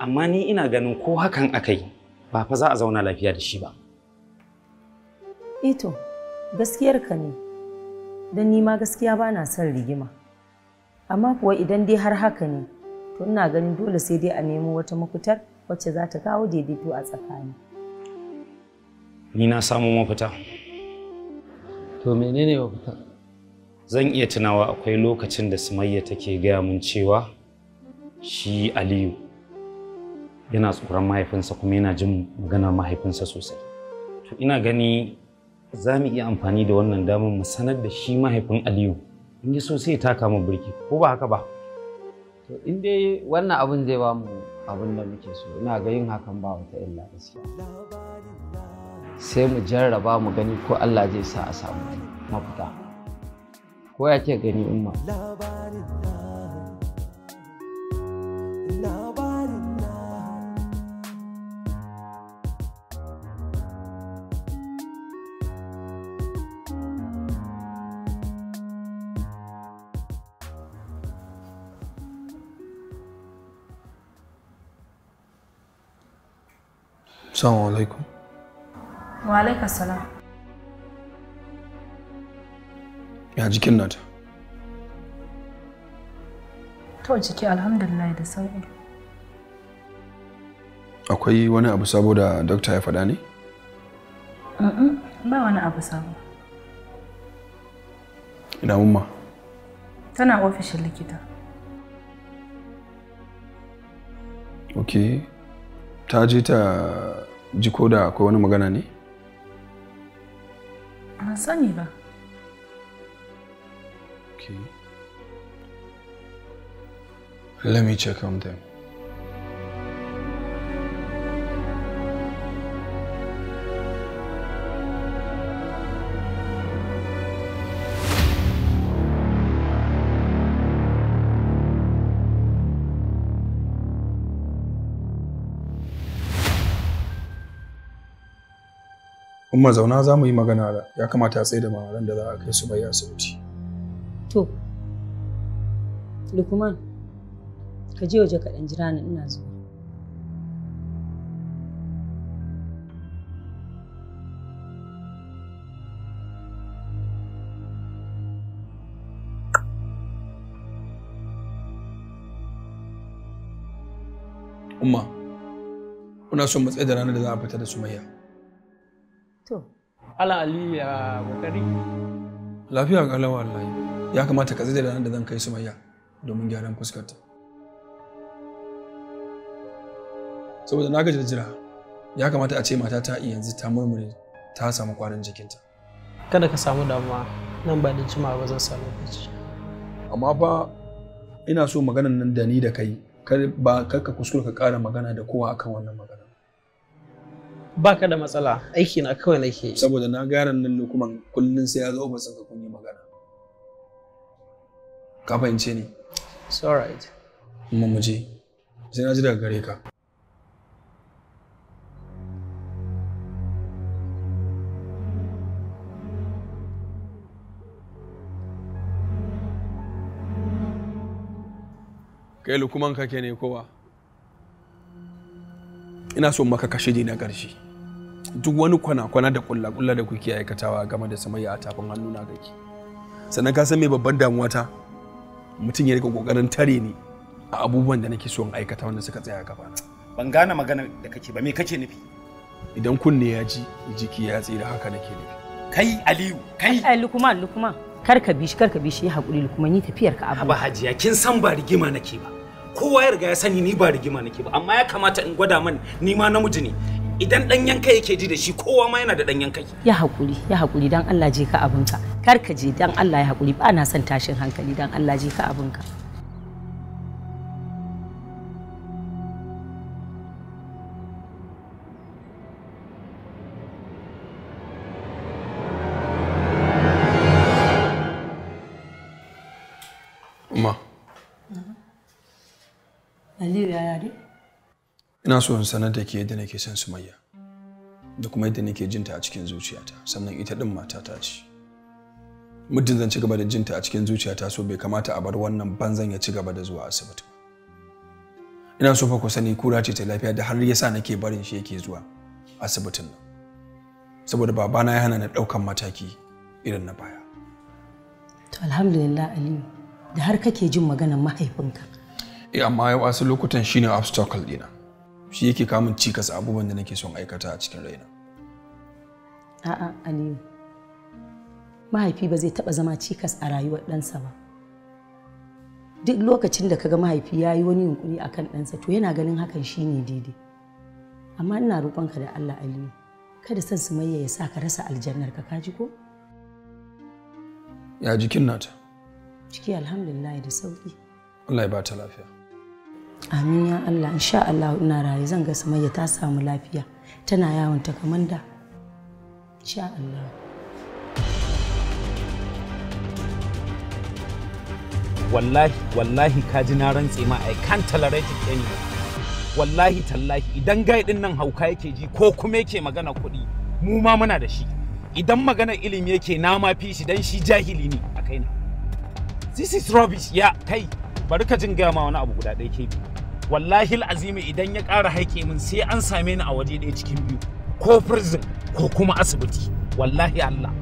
Amma ni ina ganin ko hakan aka yi ba fa za a zauna lafiya da shi ba. Ito, gaskiyar ka ne, don ni ma gaskiya ba na son rigima. Amma kuwa idan dai har haka ne, to ina ganin dole sai dai a nemo wata mafitar wacce za ta kawo daidaito a tsakani. Ni na samu mafita. To menene mafita? Zan iya tunawa akwai lokacin da Sumayya take gaya mun cewa shi Aliyu yana tsoron mahaifinsa kuma yana jin maganar mahaifinsa sosai to ina gani za mu iya amfani da wannan damar mu sanar da shi mahaifin aliyu in yi so sai kama birki ko ba haka ba to in dai wannan abin zai ba mu abin da muke so ina ga yin hakan ba wata illa gaskiya sai mu jarraba mu gani ko Allah zai sa a samu mafita ko ya ce gani umma Assalamu alaikum. Wa alaikum salam. Ya jikin nata? To jiki alhamdulillah da sauƙi. Akwai wani abu sabo da dokta ya faɗa ne? ba wani abu sabo. Ina umma? Tana ofishin likita. Ok. Ta je ta ji ko da akwai wani magana ne? Ban sani ba. Okay. Let me check on them. umma zauna za mu yi magana da ya kamata a tsaye da maran da za a kai su bai sauti. to lukman ka je waje kaɗan jira ni ina zuwa Umma, kuna son matsayi da ranar da za a fita da Sumayya. To. Ala kokari. Lafiya ga Allah wallahi. Ya kamata ka zai da nan da zan kai Sumayya domin gyaran fuskarta. Saboda na gaji jira, ya kamata a ce mata ta yanzu ta murmure ta samu kwarin jikinta. Kada ka samu damuwa nan ba da jima ba zan samu lokaci. Amma fa ina so maganan nan da ni da kai, kar ba kar ka kuskura ka ƙara magana da kowa akan wannan magana. baka da matsala aiki na kawai nake saboda na gane nan kuma kullun sai ya zo ofisin ka kun yi magana ka fahimce ni it's alright amma mu sai na ji daga gare ka kai lukuman kake ne kowa ina son maka kashe na ƙarshe duk wani kwana-kwana da kulla-kulla da kuke aikatawa game da samayya a tafin hannu na gaki sannan ka san me babban damuwa ta mutum ya rika kokarin tare ni a abubuwan da nake so in aikata wanda suka tsaya gaba ban gane magana da kake ba me kake nufi idan kunne ya ji jiki ya tsira haka nake nufi kai aliyu kai ai lukuma lukuma kar ka bishi kar ka bishi ya hakuri lukuma ni tafiyar ka abu ba hajiya kin san ba rigima nake ba kowa ya riga ya sani ni ba rigima nake ba amma ya kamata in gwada man ni ma namiji ne idan ɗanyen kai yake ji da shi kowa ma yana da ɗanyen kai ya hakuri ya hakuri dan Allah je ka abinka kar ka je dan Allah ya hakuri ba na son tashin hankali dan Allah je ka abinka ina so in sanar da ke yadda nake son sumayya da kuma yadda nake jinta a cikin zuciyata sannan ita din matata ce muddin zan ci gaba da jinta a cikin zuciyata so bai kamata a bar wannan banzan ya ci gaba da zuwa asibiti ina so fa ku sani kura ce ta lafiya da har yasa nake barin shi yake zuwa asibitin nan saboda babana ya hana na ɗaukan mataki irin na baya to alhamdulillah aliyu da har kake jin maganar mahaifinka eh amma wasu lokutan shine obstacle dina shi yake kamun cikas abubuwan da nake son aikata a cikin raina a'a aliyu mahaifi ba zai taɓa zama cikas a rayuwar ɗansa ba duk lokacin da kaga mahaifi ya yi wani yunkuri akan ɗansa to yana ganin hakan shi ne daidai amma ina roƙonka da allah aliyu kada son su ya sa ka rasa aljannar ka kaji ko ya jikin nata ciki alhamdulillah da sauki Allah ya ba ta lafiya Amin ya Allah insha Allah ina raye zan ga Sumayya ta samu lafiya tana yawon ta kamar da. Insha Allah. Wallahi wallahi ka ji na rantse ma I can't tolerate it anymore. Wallahi tallahi idan gai din nan hauka yake ji ko kuma yake magana kuɗi mu ma muna da shi. Idan magana ilimi yake na ma fi shi dan shi jahili ne a kaina. This is rubbish ya yeah, kai. bari ka jin gaya ma wani abu guda ɗaya ke wallahi azimi idan ya ƙara haike min sai an same ni a waje ɗaya cikin biyu ko prison ko kuma asibiti wallahi Allah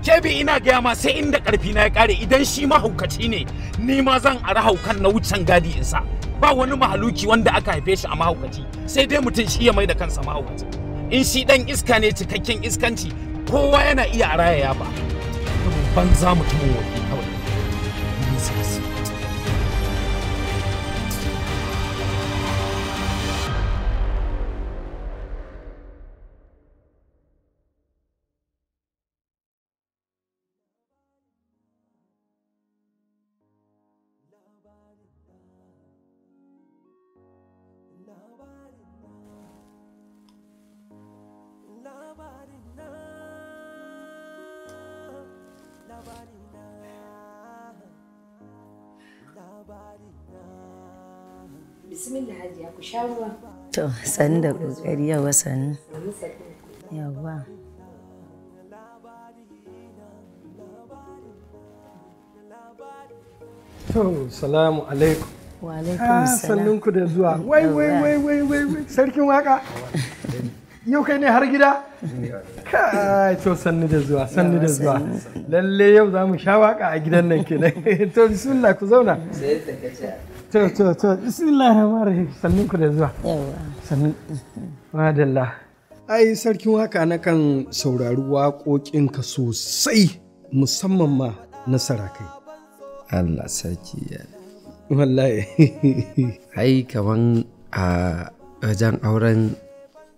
kebi ina gaya ma sai inda ƙarfi na ya ƙare idan shi mahaukaci ne ni ma zan ara haukan na wucin gadi in sa ba wani mahaluki wanda aka haife shi a mahaukaci sai dai mutum shi ya mai da kansa mahaukaci in shi dan iska ne cikakken iskanci kowa yana iya araya ya ba ban banza mutumin wofi kawai to san da kokari yawa san yawa to salamu alaikum wa alaikum salam sannun ku da zuwa wai wai wai wai wai sarkin waka yau kai ne har gida kai to sannu da zuwa sannu da zuwa lalle yau za mu sha waka a gidan nan kenan to bismillah ku zauna sai ta kace to to to bismillahir rahmanir rahim sannin ku da zuwa yawa sannin madalla ai sarkin waka na kan saurari waƙoƙinka sosai musamman ma na sarakai Allah sarki ya wallahi ai kaman a wajen auren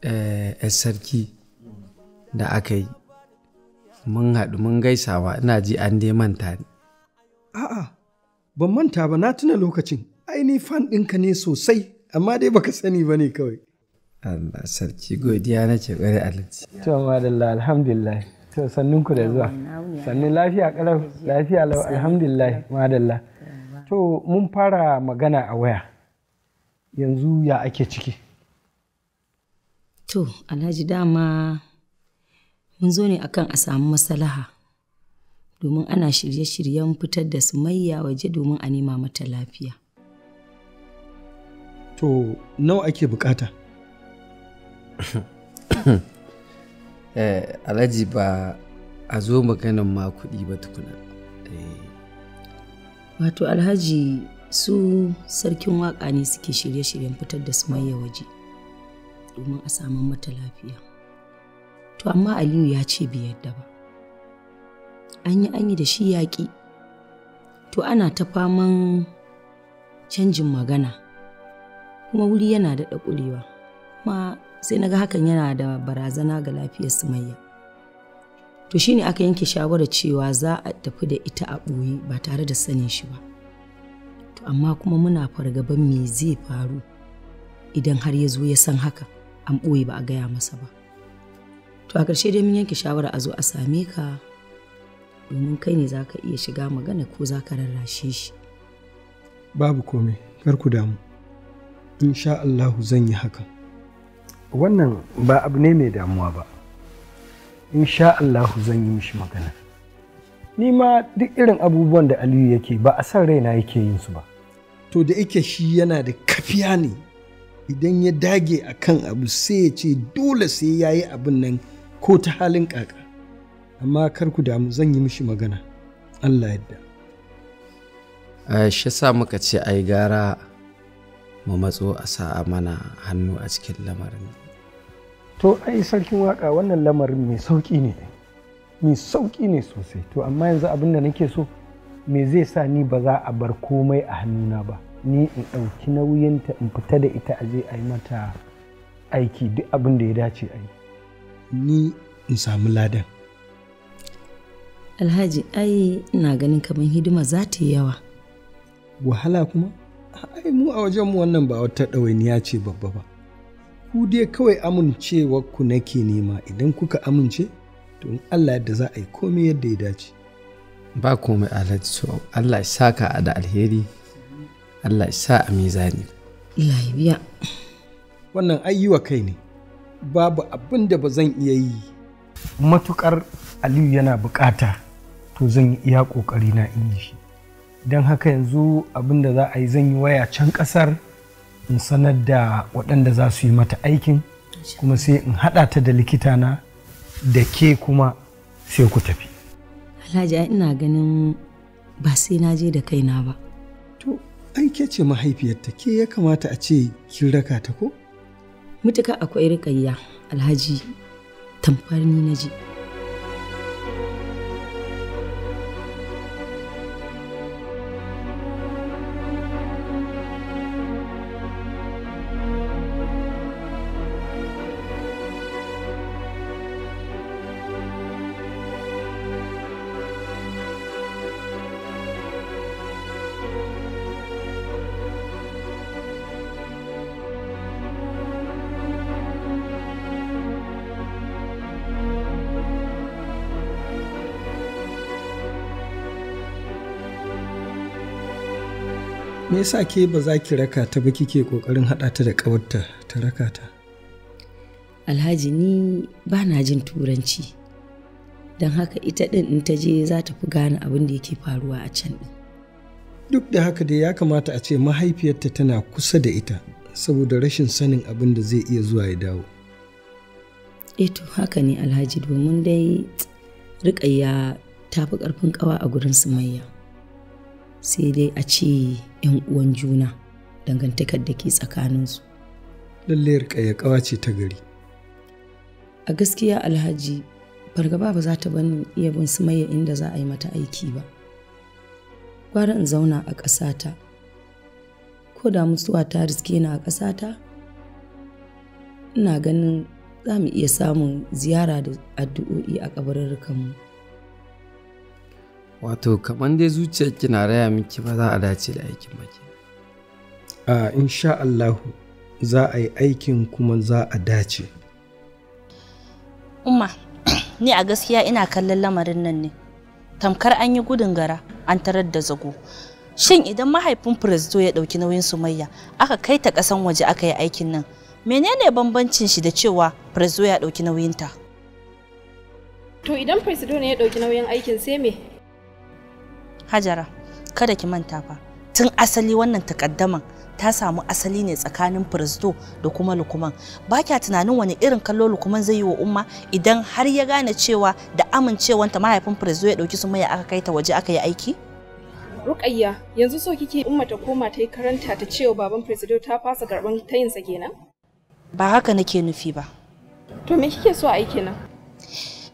eh, 'yan sarki da aka yi mun haɗu mun gaisawa ina ji an dai manta ne. A'a, ban manta ba na tuna lokacin. ai ni fan ɗinka ne sosai amma dai baka sani ba ne kawai Allah sarki godiya na nake ƙwarai alaji to madalla alhamdulillah to sannun ku da zuwa sannin lafiya ƙarau lafiya lau alhamdulillah madalla to mun fara magana a waya yanzu ya ake ciki to alhaji dama mun zo ne akan a samu masalaha domin ana shirye-shiryen fitar da sumayya waje domin a nema mata lafiya to nawa ake bukata eh, alhaji ba a zo maganin ma kuɗi ba tukuna eh. wato alhaji su sarkin waƙa ne suke shirye-shiryen fitar da su maye waje domin a samu mata lafiya to amma aliyu ya ce bi yadda ba an yi an yi da shi yaƙi to ana ta faman canjin magana kuma wuri yana da ɗaƙulewa kuma sai na ga hakan yana da barazana ga lafiyar sumayya to shine aka yanke shawarar cewa za a tafi da ita a ɓoye ba tare da sanin shi ba to amma kuma muna fargaban me zai faru idan har ya zo ya san haka an ɓoye ba a gaya masa ba to a ƙarshe dai mun yanke shawara a zo a same ka domin kai ne za ka iya shiga magana ko za ka rarrashe shi babu komai kar ku damu insha Allahu zan yi haka wannan ba abu ne mai damuwa ba insha Allahu zan yi mishi magana ni ma duk irin abubuwan da Aliyu yake ba a san raina yake yin su ba to da yake shi yana da kafiya ne idan ya dage a kan abu sai ya ce dole sai ya yi abin nan ko ta halin kaka amma kar ku damu zan yi mishi magana Allah yadda shi sa muka ce ai gara mu matso a a mana hannu a cikin lamarin to ai sarkin waka wannan lamarin mai sauki ne mai sauki ne sosai to amma yanzu abin da nake so me zai sa ni ba za a bar komai a hannuna ba ni in ɗauki nauyinta in fita da ita a je a yi mata aiki duk abin da ya dace a yi ni in samu ladan alhaji ai ina ganin kamar hidima za ta yi yawa wahala kuma ai mu a wajen mu wannan ba wata ɗawainiya ce babba ba ku dai kawai amincewar ku nake nema idan kuka amince to in Allah yadda za a yi komai yadda ya dace ba komai alhaji to Allah ya saka da alheri Allah ya sa a mizani Allah biya wannan ayyuwa kai ne babu abin da ba zan iya yi matukar Aliyu yana bukata to zan iya kokari na in yi shi don haka yanzu abinda za a yi zan yi waya can ƙasar in sanar da waɗanda za su yi mata aikin kuma sai in haɗa ta da likitana da ke kuma sai ku tafi alhaji ina ganin ba sai na je da kaina ba to ai ke ce mahaifiyarta ke ya kamata a ce kin raka ta ko mutuka akwai rikayya alhaji tamfar na je. yasa ke ba za ki raka ta ba kike kokarin haɗa ta da ƙawarta ta raka ta alhaji ni ba na jin turanci don haka ita ɗin in ta je za ta fi gane abin da yake faruwa a can ɗin duk da haka dai ya kamata a ce mahaifiyarta tana kusa da ita saboda rashin sanin abin da zai iya zuwa ya dawo eto eh haka ne alhaji domin dai riƙayya ta fi ƙarfin ƙawa a gurin sumayya sai dai a ce 'yan uwan juna dangantakar da ke tsakaninsu. Lallai ya ce ta gari. A gaskiya Alhaji fargaba ba za ta bani iya bin su maye inda za a yi mata aiki ba. Gwara in zauna a ƙasata. Ko da mutuwa ta riske na a ƙasata? Ina ganin za mu iya samun ziyara da addu'o'i a ƙabarurrukanmu. mu. wato kaman dai zuciyar kina raya miki ba za a dace da aikin maki. a insha Allahu za a yi aikin kuma za a dace umma ni a gaskiya ina kallon lamarin nan ne tamkar an yi gudun gara an tarar da zago shin idan mahaifin firisto ya ɗauki nauyin sumayya aka kai ta ƙasan waje aka yi aikin nan menene bambancin shi da cewa firisto ya ɗauki nauyinta to idan firisto ne ya ɗauki nauyin aikin sai me Hajara, kada ki manta fa. Tun asali wannan takaddaman ta samu asali ne tsakanin Firisdo da kuma Lukuman. Ba kya tunanin wani irin kallo Lukuman zai yi wa umma idan har ya gane cewa da amincewanta mahaifin Firisdo ya ɗauki mai aka kai ta waje aka yi aiki? Rukayya, yanzu so kike umma ta koma ta yi karanta ta cewa baban Firisdo ta fasa garban tayinsa kenan? Ba haka nake nufi ba. To me kike so a yi kenan?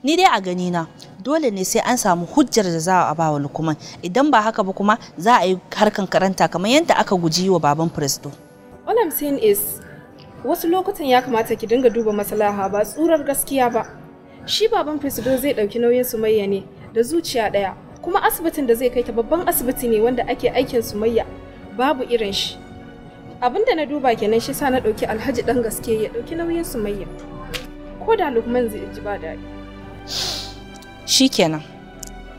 Ni dai a ganina dole ne sai an samu hujjar da za a bawa lukuman idan ba haka ba kuma za a yi harkan karanta kamar yadda aka guji wa baban firisto. all i'm saying is wasu lokutan ya kamata ki dinga duba maslaha ba tsurar gaskiya ba shi baban firisto zai dauki nauyin sumayya ne da zuciya daya kuma asibitin da zai kai ta babban asibiti ne wanda ake aikin sumayya babu irin shi abin da na duba kenan shi sa na dauki alhaji dan gaske ya dauki nauyin sumayya ko da lukman zai ji ba daɗi shikenan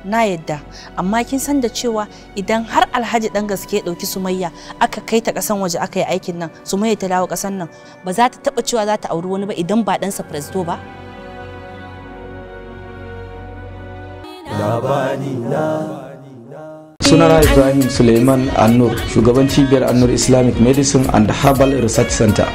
na yadda amma kin san da cewa idan har alhaji dan gaske ya dauki sumayya aka kai ta kasan waje aka yi aikin nan sumayya ta dawo kasan nan ba za ta taba cewa za ta auri wani ba idan ba ɗansa presto ba labani sunana ibrahim suleiman annur shugaban cibiyar annur islamic medicine and herbal research center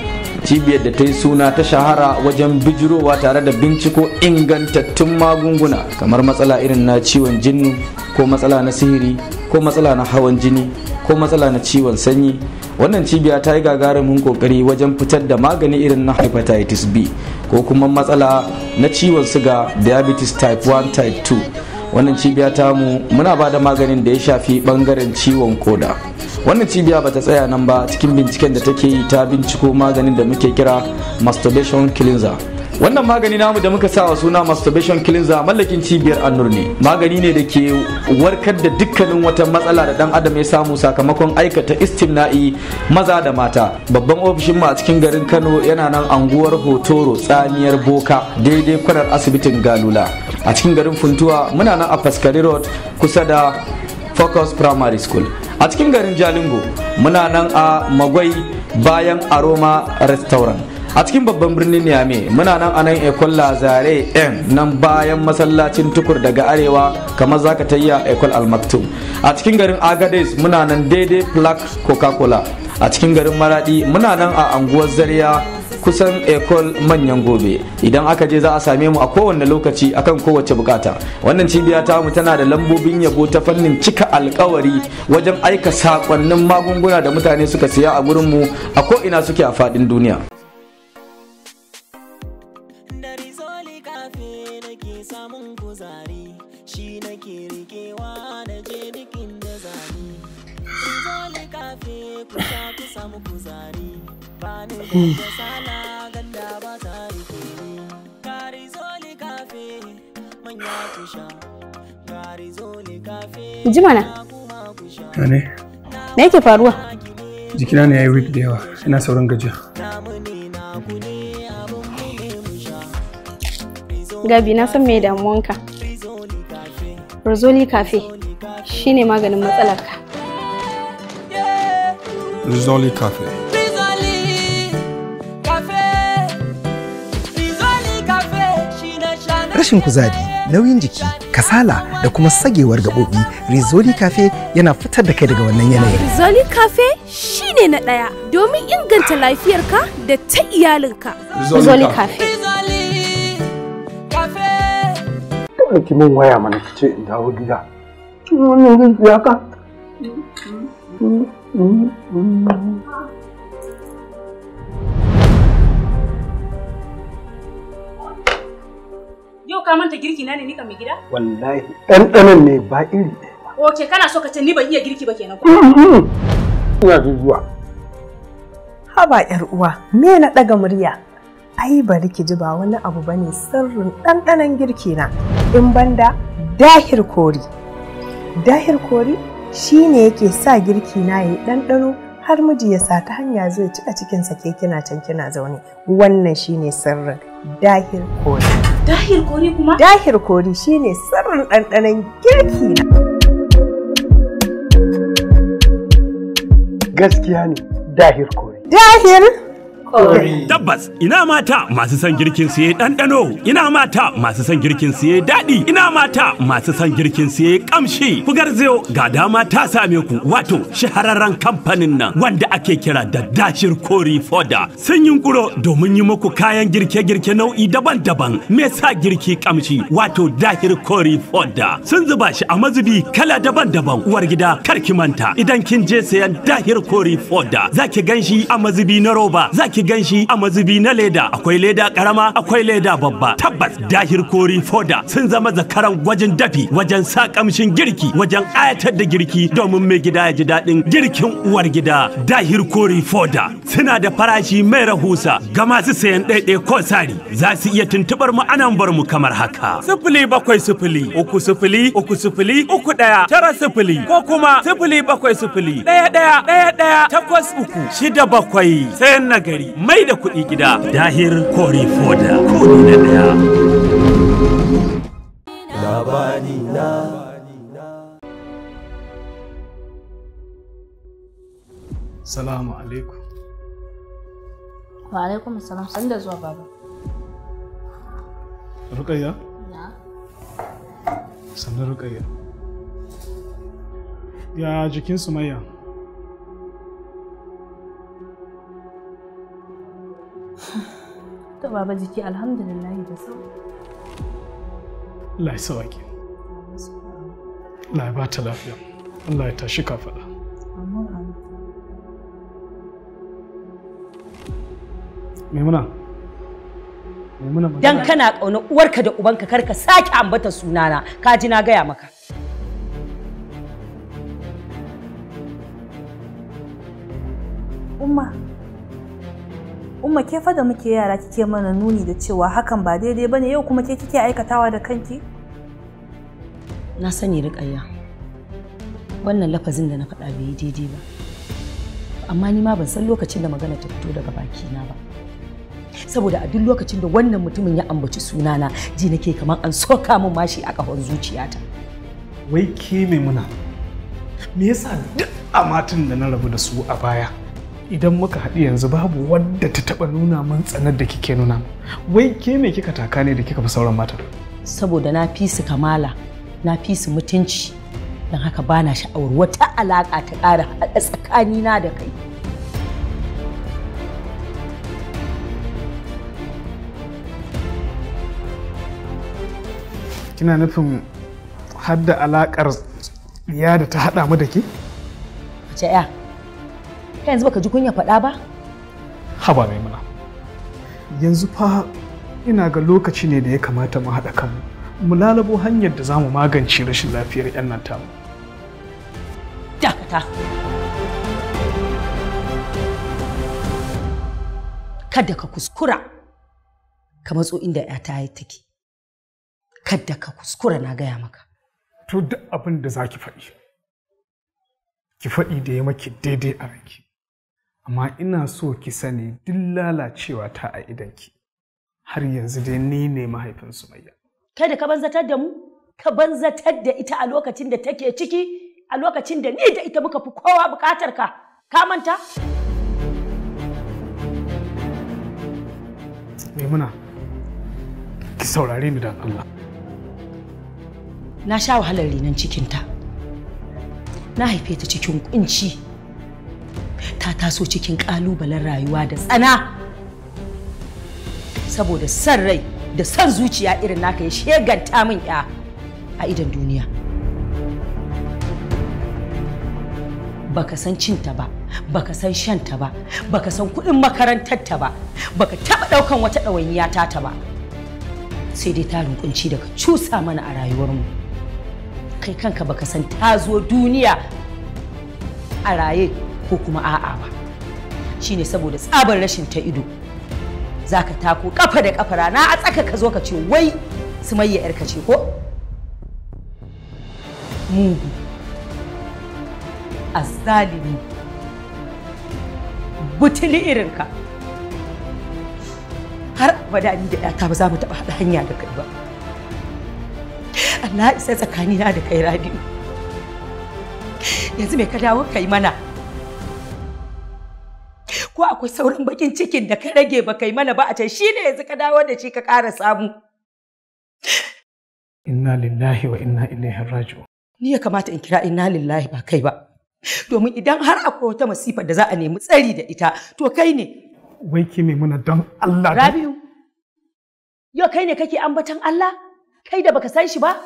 cibiyar da ta yi suna ta shahara wajen bijirowa tare da binciko ingantattun magunguna kamar matsala irin na ciwon jini ko matsala na sihiri ko matsala na hawan jini ko matsala na ciwon sanyi wannan cibiya ta yi gagarumin kokari wajen fitar da magani irin na hepatitis b ko kuma matsala na ciwon suga diabetes type 1 type 2 wannan cibiya tamu muna ba da maganin da ya shafi bangaren ciwon koda wannan cibiya ba ta tsaya nan ba cikin binciken da take yi ta binciko maganin da muke kira masturbation cleanser wannan magani namu da muka sawa suna masturbation cleanser mallakin cibiyar annur ne magani ne da ke warkar da dukkanin wata matsala da dan adam ya samu sakamakon aikata istimna'i maza da mata babban ofishin mu a cikin garin kano yana nan anguwar hotoro tsamiyar boka daidai kwanar asibitin galula a cikin garin funtuwa muna nan a faskari road kusa da focus primary school a cikin garin jalingo muna nan a magwai bayan aroma restaurant a cikin babban birnin niamey muna nan a nan ekol lazare m nan bayan masallacin tukur daga arewa kamar zaka tayya ekol almaktum a cikin garin agades muna nan daidai plaque coca-cola a cikin garin maradi muna nan a anguwar Zariya. kusan ecole manyan gobe idan aka je za a same mu a kowane lokaci akan kowace bukata wannan cibiya ta mu tana da lambobin yabo ta fannin cika alkawari wajen aika sakonnin magunguna da mutane suka siya a gurin mu a ko ina suke a fadin duniya Hmm. Ji mana. Yane. Me yake faruwa? Jikina ne ya yi weak da yawa, ina sauran gajiya. Gabi na san me damuwanka. Rizoli Cafe ne maganin matsalarka. Rizoli Cafe. rashin kuzari nauyin jiki kasala da kuma sagewar gaɓoɓi rizoli cafe yana fitar da kai daga wannan yanayin rizoli cafe shine na ɗaya domin inganta lafiyarka da ta iyalinka rizoli cafe kada ki min waya mana ki in dawo gida wannan ka mm, mm, mm, ka manta girki na ne ni kan gida? Wallahi ɗanɗanon ne ba iri ɗaya ba. Ok kana so ka ce ni ban iya girki ba kenan ko? Mm, mm. Ina Haba ƴar uwa me na ɗaga murya? Ai bari ki ji ba wani abu bane sirrin ɗanɗanon girki na in banda dahir kori. Dahir kori shi ne yake sa girki na yayi ɗanɗano har miji ya sata hanya zai cika cikin ke kina can kina zaune wannan shine sirrin dahir kori dahir kori kuma dahir kori shine sirrin ɗanɗanon girki gaskiya ne dahir kori dahir Tabbas ina mata masu son girkin siye ɗanɗano, ina mata masu son girkin siye daɗi, ina mata masu son girkin siye ƙamshi. Ku zeo ga dama ta same ku wato shahararren kamfanin nan wanda ake kira da dashir kori foda. Sun yi kuro domin yi muku kayan girke-girke nau'i daban-daban me sa girki ƙamshi wato dashir kori foda. Sun zuba shi a mazubi kala daban-daban uwar gida kar ki manta idan kin je sayan dahir kori foda zaki gan shi a mazubi na roba zaki ganshi a mazubi na leda akwai leda karama akwai leda babba tabbas dahir kori foda sun zama zakaran gwajin dafi wajen sa kamshin girki wajen ayatar da girki domin mai gida ya ji daɗin girkin uwar gida dahir kori foda suna da farashi mai rahusa ga masu sayan ɗaiɗai ko sari za su iya tuntuɓar mu anan bar mu kamar haka sifili bakwai sifili uku sifili uku sifili uku ɗaya tara sifili ko kuma sifili bakwai sifili ɗaya ɗaya ɗaya ɗaya takwas uku shida bakwai sayan nagari mai da kuɗi gida dahir kori foda kuɗi na ɗaya. Salamu alaikum. Wa alaikum salam san da zuwa baba. Rukayya? Na. Sannan Rukayya. Ya jikin Sumayya? To baba jiki alhamdulillah da sau. Allah ya sauke. Allah ya bata lafiya. Allah ya tashi ka faɗa. Maimuna. Maimuna Dan kana ƙauna uwarka da ubanka kar ka sake ambata sunana. Ka ji na gaya maka. Umma. umma ke fa da muke yara kike mana nuni da cewa hakan ba daidai bane yau kuma ke kike aikatawa da kanki na sani riƙayya wannan lafazin da na faɗa bai yi daidai ba amma ni ma ban san lokacin da magana ta fito daga baki na ba saboda a duk lokacin da wannan mutumin ya ambaci sunana ji nake kamar an soka min mashi a ƙahon zuciyata wai ke mai muna me yasa duk amatin da na rabu da su a baya idan muka haɗu yanzu babu wadda ta taɓa nuna min tsanar da kike nuna wai ke me kika taka ne da kika fi sauran mata saboda na fi su kamala na fi su mutunci don haka ba na sha'awar wata alaƙa ta ƙara haɗa tsakanina da kai kina nufin hadda alaƙar ya da ta haɗa mu da ke? Wace Ka yanzu baka ji kunya faɗa ba? Haba Maimuna. Yanzu fa ina ga lokaci ne da ya kamata mu haɗa kanmu. Mu lalabo hanyar da za mu magance rashin lafiyar 'yan nan tamu. Dakata. Kada ka kuskura ka matso inda 'yata take. Kada ka kuskura na gaya maka. To duk abin da za ki faɗi. Ki faɗi da ya maki daidai a ranki. amma ina so ki sani duk lalacewa ta a idanki har yanzu dai ni ne mahaifin sumayya kai da ka banzatar da mu ka banzatar da ita a lokacin da take ciki a lokacin da ni da ita muka fi kowa bukatar ka ka manta maimuna ki saurare ni dan Allah na sha wahalar rinan cikinta na haife ta cikin kunci ta taso cikin kalubalen rayuwa da tsana saboda san rai da san zuciya irin naka ya sheganta min ya a idan duniya baka san cinta ba baka san shanta ba baka san kuɗin ta ba baka taɓa ɗaukan wata ɗawainiya ta ba sai dai ta kunci daga cusa mana a rayuwarmu kai kanka baka san ta zo duniya a raye ko kuma a'a ba shine saboda tsabar rashin ta ido zaka tako kafa da kafa rana a tsaka ka zo ka ce wai su sumayya yarka ce ko mugu azzalimi butuli ka. har abada ni da ta ba za mu taɓa haɗa hanya da kai ba Allah isa tsakanina da kai radio yanzu mai ka dawo kai mana ko akwai sauran bakin cikin da ka rage ba kai mana ba a can shine yanzu ka dawo da shi ka ƙara samu inna lillahi wa inna ilaihi raji'un ni ya kamata in kira inna lillahi ba kai ba domin idan har akwai wata masifa da za a nemi tsari da ita to kai ne wai ki mai muna don Allah Rabiu yau kai ne kake ambatan Allah kai da baka san shi ba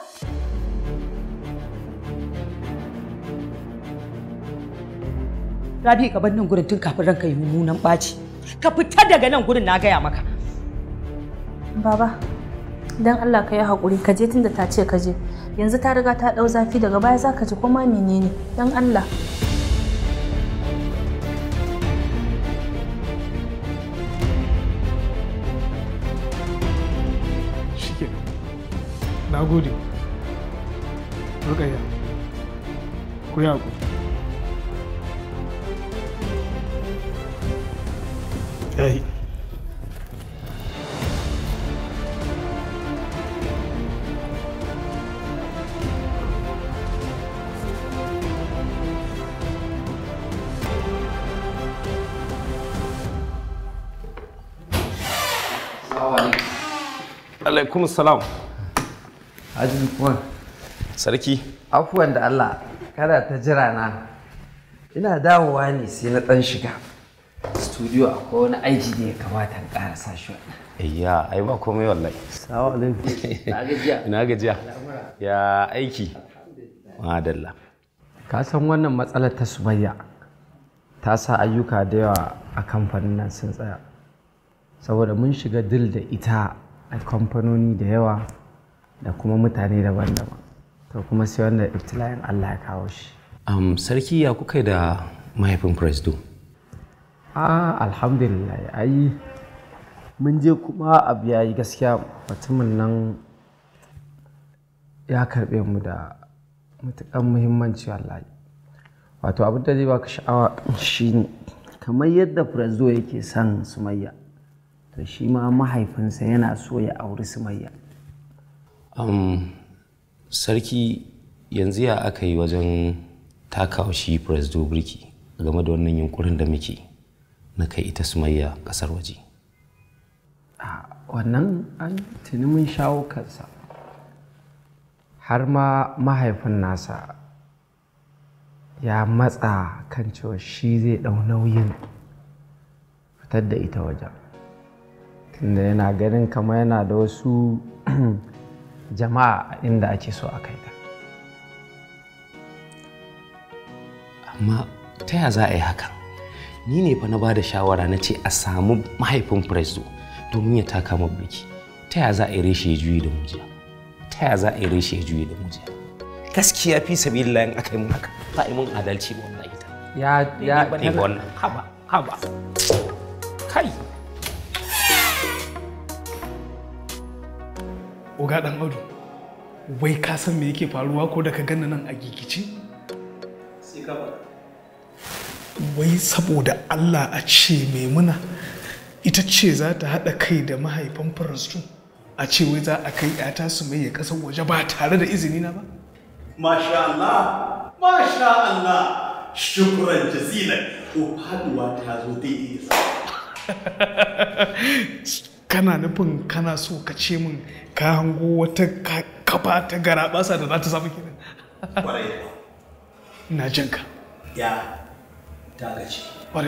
Rabi ka bar nan gurin tun kafin ranka yi mummunan ɓaci. Ka fita daga nan gurin na gaya maka. Baba, dan Allah ka yi hakuri ka je tunda ta ce ka je. Yanzu ta riga ta ɗau zafi daga baya zaka ji koma menene dan Allah. Na gode. Rukaiya. Ku yi haƙuri. اي عليكم السلام عجل فون سركي عفوا عند الله كذا تجرانا هنا داواني سينا تنشقها studio akwai wani aiki ne ya kamata in sa shi Iya, ai ba komai wallahi. sawa din Na gajiya. Ina gajiya. Ya aiki. Madalla. Ka san wannan matsalar ta Sumayya ta sa ayyuka da yawa a kamfanin nan sun tsaya. Saboda mun shiga dil da ita a kamfanoni da yawa da kuma mutane daban-daban. To kuma sai wanda ibtilayin Allah ya kawo shi. sarki ya kuka da mahaifin Presdo? a alhamdulillah ai mun je kuma abu ya gaskiya mutumin nan ya karɓe mu da matuƙan muhimmanci wallahi wato abin da zai baka sha'awa shine kamar yadda furazo yake son sumayya to shi ma mahaifinsa yana so ya auri sumayya um, sarki yanzu ya aka yi wajen takawa shi furazo birki game da wannan yunkurin da muke na kai ita su sumayya kasar waje wannan an tuni mun shawo har ma mahaifin nasa ya matsa kan cewa shi zai ɗau nauyin fitar da ita wajen tunda yana ganin kama yana da wasu jama'a inda ake so a kai ta amma ta za a yi hakan ni ne fa na ba da shawara na ce a samu mahaifin presto domin ya taka ma biki ta ya za a yi ya juyi da mujiya ta ya za a yi ya juyi da mujiya gaskiya fi sabilillah in aka yi mun haka ba yi mun adalci ba wallahi ta ya ya ne wannan haba haba kai oga dan audu wai ka san me yake faruwa ko da ka ganna nan a gigice sai ka ba wai saboda allah a ce maimuna ita ce za ta haɗa kai da mahaifan farastu a ce wai za a kai yata su mai ya ƙasar waje ba tare da izini na ba masha allah masha allah shukran jazilan ko faduwa ta zo daidai kana nufin kana so ka ce min ka hango wata kafa ta gara basa da za ta samu kenan na jinka ya ta ba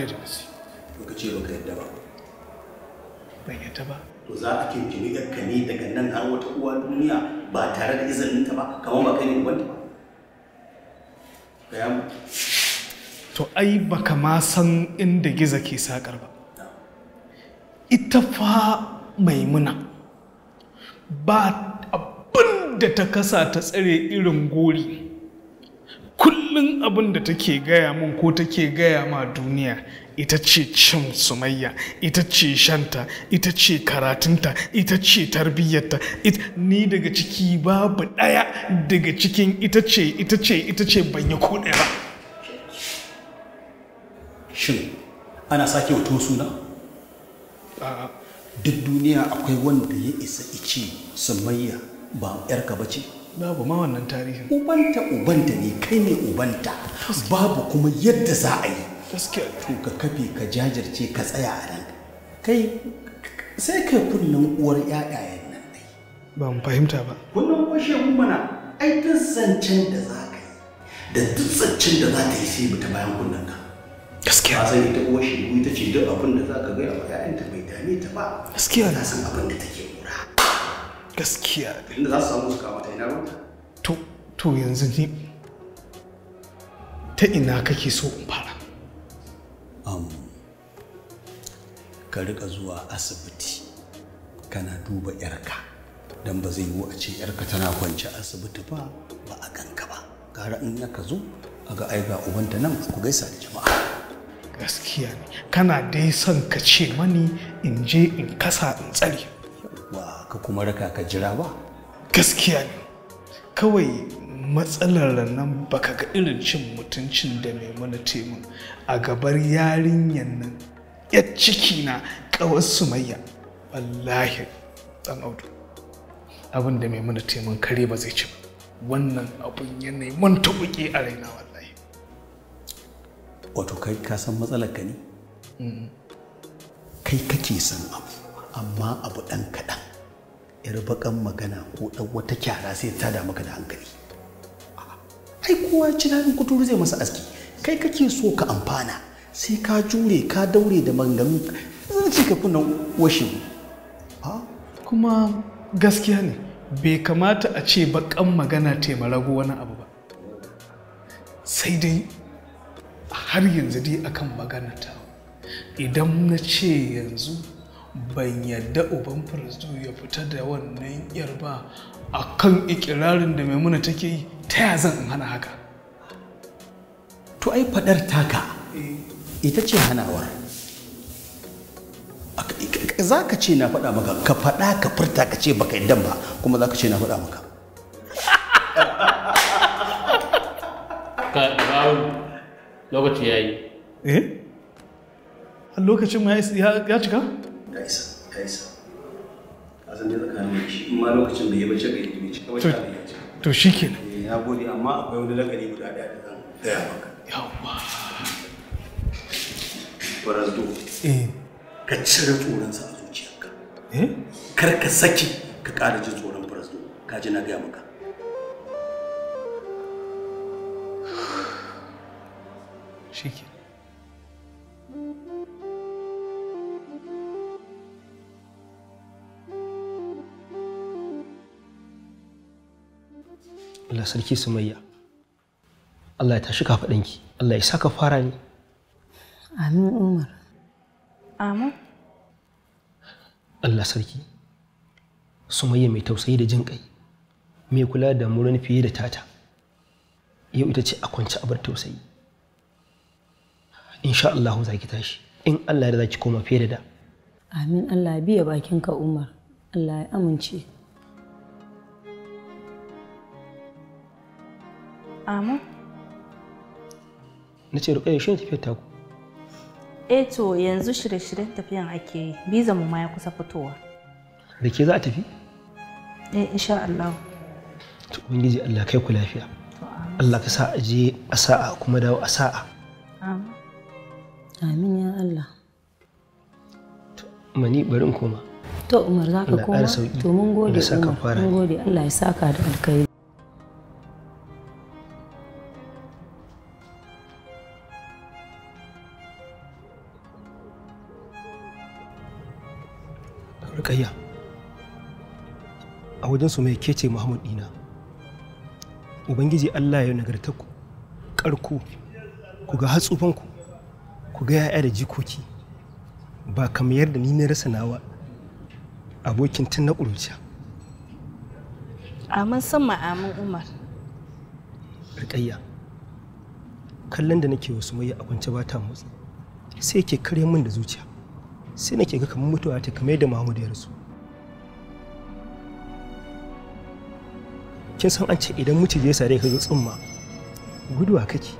za a kinkini ka ne daga nan har wata uwa duniya ba tare da izinin ta ba kamar ne ba to ai baka ma san inda giza ke sakar ba ita fa maimuna ba abin da ta kasa ta tsare irin gori kullum abin da take gaya mun ko take gaya ma duniya ita ce cin sumayya ita ce shanta ita ce karatunta ita ce tarbiyyarta ni daga ciki babu ɗaya daga cikin ita ce ita ce ita ce ban yi ko ɗaya ba shin ana sake wato suna duk duniya akwai wanda ya isa ice sumayya ba 'yarka ba ce babu ma wannan tarihin ubanta ubanta ne kai ne ubanta babu kuma yadda za a yi to ka kafe ka jajirce ka tsaya a ranka kai sai kai kunnan uwar yayayen nan ai ba mu fahimta ba wannan kwashe mu mana ai duk zancen da za ka yi da duk zancen da za ta yi sai mutum bayan kunnan ka gaskiya ba sai ita uwar shi ita ce duk abin da za ka gaya wa ta bai dame ta ba gaskiya na san abin da take gaskiya inda za su samu su kama ta ina ba to to yanzu ni ta ina kake so in fara ka rika zuwa asibiti kana duba yarka don ba zai yiwu a ce yarka tana kwance asibiti ba ba a ganka ba gara in ka zo a ga ai ga ubanta nan ku gaisa da jama'a gaskiya ne kana dai son ka ce mani in je in kasa in tsare ka kuma raka ka jira ba gaskiya ne kawai matsalar nan baka ga irin cin mutuncin da maimuna temun a gabar yarinyar nan ya ciki na kawar sumayya wallahi dan audu abin da maimuna temun kare ba zai ci ba wannan abin yanayi mun tabuke a raina wallahi wato kai ka san matsalar ka ne kai kake san abu amma abu dan kaɗan yar magana ko ɗan wata kyara sai ta da maka da hankali ai kowa ci daɗin kuturu zai masa aski kai kake so ka amfana sai ka jure ka daure da maganganu zan ce ka kunna washe kuma gaskiya ne bai kamata a ce baƙan magana marago wani abu ba sai dai har yanzu dai akan magana ta idan na ce yanzu ban yadda uban firistu ya fita da wannan yar ba a kan ikirarin da maimuna take yi ta ya zan hana haka to ai fadar taka eh. ita ce hanawar za ka ce na faɗa maka ka faɗa ka furta ka ce baka yadda ba kuma za ka ce na faɗa maka ka lokaci ya yi eh lokacin ya cika ka isa ka isa ka san dai tsakanin shi in ma lokacin bai yi ba ce bai yi ci kawai ta to shi ya eh, na gode amma akwai wani lakari guda daya da zan gaya maka yawwa farazdo eh. ka cire tsoronsa a zuciyarka eh? kar ka saki ka ƙara jin tsoron farazdo ka ji na gaya maka shi Allah sarki sumayya Allah ya tashi kafaɗanki Allah ya saka fara ni amin umar amin Allah sarki sumayya mai tausayi da jin kai mai kula da murna fiye da tata yau ita ce a kwance abar tausayi insha Allah za ki tashi in Allah ya da za ki koma fiye da da amin Allah biya bakin bakinka umar Allah ya amince Amin. Na ce Rukaiya shi ne tafiyar taku? E to yanzu shirye-shiryen tafiyan ake yi. Biza mu ma ya kusa fitowa. Da ke za a tafi? Eh insha Allah. To Ubangiji Allah kai ku lafiya. Allah ka sa aje a sa'a kuma dawo a sa'a. Amin. Amin ya Allah. to Mani bari in koma. To Umar za ka koma? To mun gode Mun gode Allah ya saka da alkhairi. wajen su mai kece Muhammad dina ubangiji Allah ya nagarta ku karku ku ga hatsufan ku ku ga ya'ya da jikoki ba kamar yadda ni na rasa nawa abokin tun na ƙuruciya amin san ma'amin umar rikayya kallon da nake wasu mai a kwance ba ta motsi sai ke kare min da zuciya sai nake ga kamar mutuwa ta kamar yadda mahmud ya rasu kin san an ce idan miciji sare ka zo tsumma guduwa kake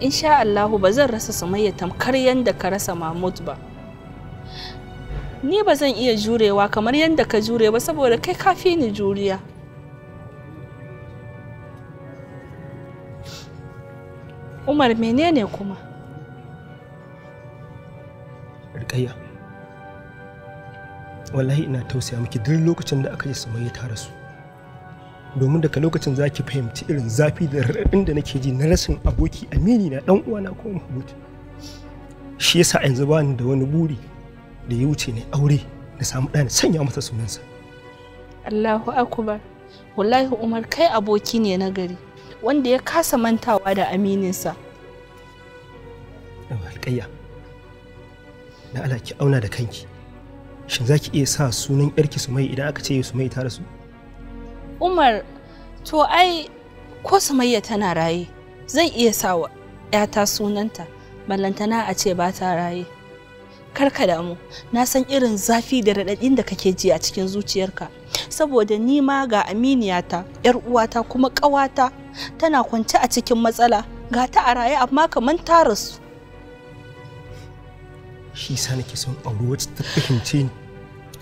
insha Allahu ba zan rasa sumayya tamkar yadda ka rasa Mahmud ba ni ba zan iya jurewa kamar yadda ka jure ba saboda kai kafi ni juriya Umar menene kuma? Rikayya. wallahi ina tausaya miki duk lokacin da aka ji samayya ta rasu domin daga lokacin zaki fahimci irin zafi da raɗaɗin da nake ji na rasin aboki amini na ɗan uwana ko mahabuci shi yasa yanzu ba ni da wani buri da ya wuce ne aure na samu ɗa sanya masa sunansa Allahu akbar wallahi Umar kai aboki ne na gari wanda ya kasa mantawa da amininsa Alƙayya na ala ki auna da kanki shin za ki iya sa sunan yarki mai idan aka ce mai ta rasu umar to ai ko sumayya tana raye zan iya sa wa yata sunanta ballantana a ce ba ta raye karka damu na san irin zafi da raɗaɗin da kake ji a cikin zuciyarka saboda ni ma ga aminiyata yar uwata kuma ƙawata tana kwance a cikin matsala ga ta a raye amma kamar ta rasu shi sa nake son aure wacce ta fahimce ni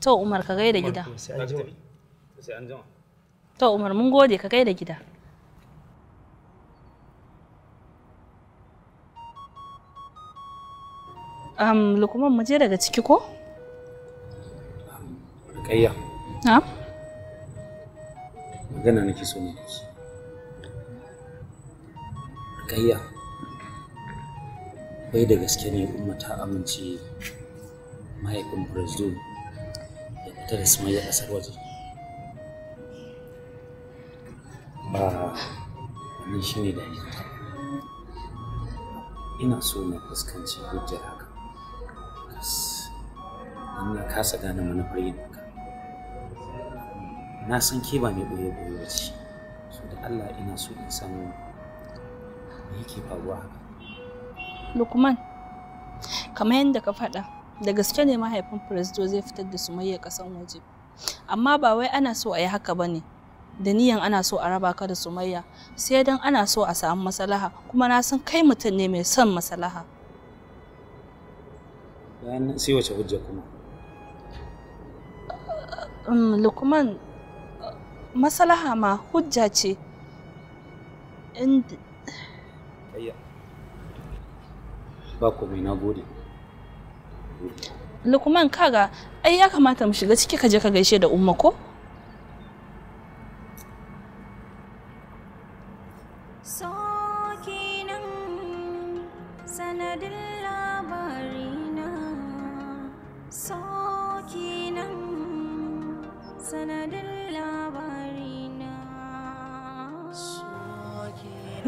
to umar ka gaida gida to umar mun gode ka gaida gida um, lukuman mu je daga ciki ko? Kayya. Ha? Magana nake so ne. Kayya. Bai da gaske ne umma ta amince mahaifin Brazil ta da sumayya ƙasar waje ba wani shi ne dalilta ina so na fuskanci hujjar haka na kasa gane mana yin haka na san ke ba mai ɓoye-ɓoye ba so da allah ina so in san me yake faruwa haka lukman kamar yadda ka faɗa da gaske ne mahaifin firisto zai fitar da sumayya kasan waje amma ba wai ana so a yi haka ba ne da niyan ana so a raba ka da sumayya sai dan ana so a samu maslaha kuma na san kai mutum ne mai son maslaha bayan sai wace hujja kuma um, lukman maslaha ma hujja ce ba komai na gode Lukman kaga ai ya kamata mu shiga ciki kaje ka gaishe da umma ko?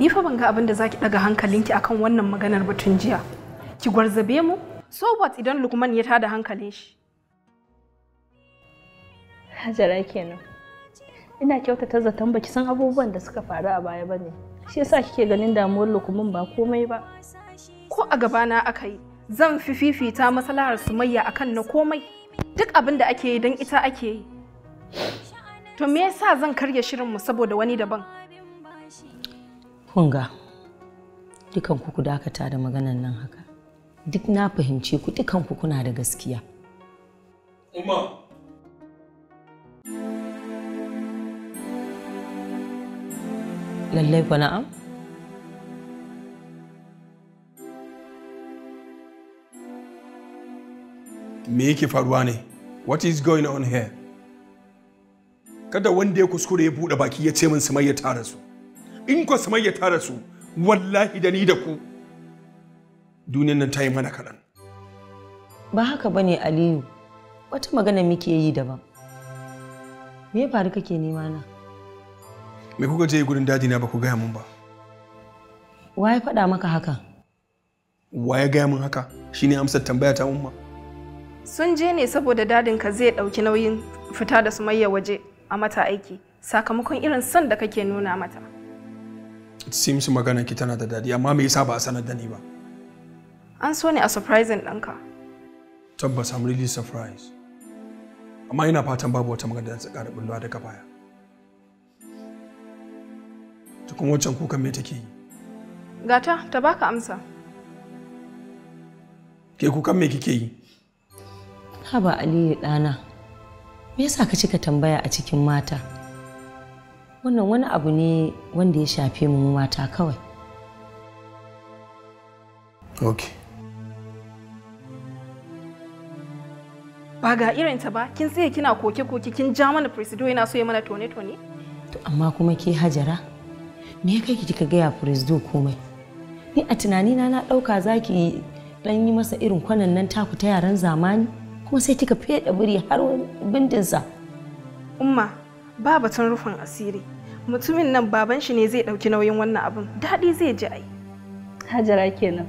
Ni fa ban ga abin da zaki ɗaga hankalinki akan wannan maganar batun jiya. Ki gwarzabe mu So what idan Lukman ya tada hankalin shi? Hajara kenan. Ina kyautata zaton baki san abubuwan da suka faru a baya bane. Shi yasa kike ganin damuwar Lukman ba komai ba. Ko a gabana aka yi, zan fi fifita Sumayya akan na komai. Duk abin da ake yi don ita ake yi. To me yasa zan karya shirin mu saboda wani daban? Kunga, dukan ku dakata da maganan nan haka. duk na fahimce ku dukanku kuna da gaskiya. Umma. Lallai kwa na'am? Me yake faruwa ne? What is going on here? Kada wanda ya kuskure ya buɗe baki ya ce min Sumayya ta rasu. In ko Sumayya ta rasu, wallahi da ni da ku duniyan nan ta yi mana kaɗan. Ba haka ba ne Aliyu, wata magana muke yi daban. Me ya faru kake nema na? Me kuka je gudun daji na ba ku gaya mun ba? Wa ya faɗa maka haka? Wa ya gaya mun haka? Shi ne amsar tambaya ta umma. Sun je ne saboda dadinka zai ɗauki nauyin fita da sumayya waje a mata aiki sakamakon irin son da kake nuna mata. It seems magana ki tana da dadi amma me yasa ba a sanar da ni ba? An so ne a surprising ɗanka. Tabbas, I'm really surprised. Amma ina fatan babu wata magana da ta ƙara bullowa daga baya. Ta kuma wancan kukan me take yi? Gata, ta baka amsa. Ke kukan me kike yi? Haba Aliyu ɗana, me yasa ka cika tambaya a cikin mata? Wannan wani abu ne wanda ya shafe mu mata kawai. Okay. ba ga ta ba kin tsaye kina koke-koke kin ja mana presido yana so ya mana tone-tone to amma kuma ke hajara me ya kai ki kika gaya presido komai ni a tunani na ɗauka zaki zaki dan yi masa irin kwanan nan taku ta yaran zamani kuma sai kika fede biri har bindinsa umma ba batun rufin asiri mutumin nan baban shi ne zai ɗauki nauyin wannan abun daɗi zai ji ai hajara kenan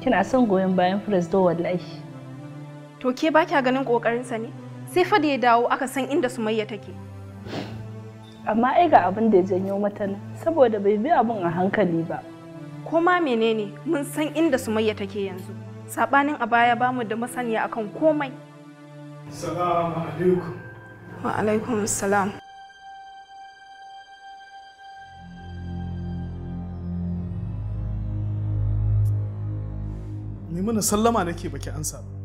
kina son goyon bayan presido wallahi To ke ba kya ganin ƙoƙarinsa ne? Sai fa da ya dawo aka san inda Sumayya take. Amma ai ga abin da ya janyo mata nan, saboda bai bi abin a hankali ba. Ko ma menene mun san inda Sumayya take yanzu. Sabanin a baya bamu da masaniya akan komai. assalamu alaikum. Wa alaikum salam. Mai mana sallama nake baki ansa ba.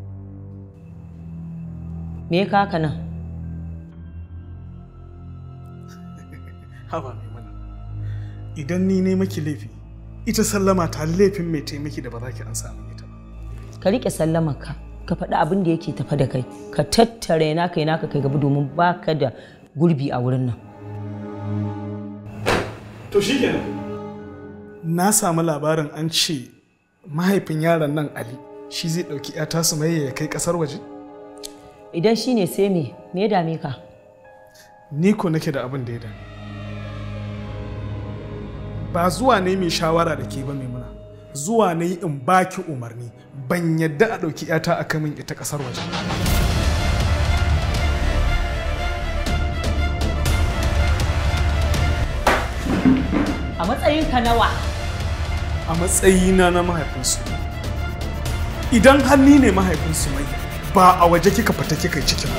me ya kaka nan haba mai mana idan ni ne maki laifi ita sallama ta laifin mai taimaki da ba za ki an samu ita ba ka rike sallamar ka ka faɗi abin da yake tafa da kai ka tattare naka naka kai gaba domin ba ka da gurbi a wurin nan to nan. na samu labarin an ce mahaifin yaron nan ali shi zai ɗauki 'ya tasu mai ya kai ƙasar waje? Idan shi ne sai me, me ya dame ka? Ni ko nake da abin da ya dame. Ba zuwa ne mai shawara da ke ba maimuna. Zuwa ne in baki umarni ban yadda a ɗauki 'yata a kamin ita ƙasar waje. A matsayinka nawa? A matsayina na mahaifinsu. Idan hannu ne mahaifinsu mai ba a waje kika fita kika cikin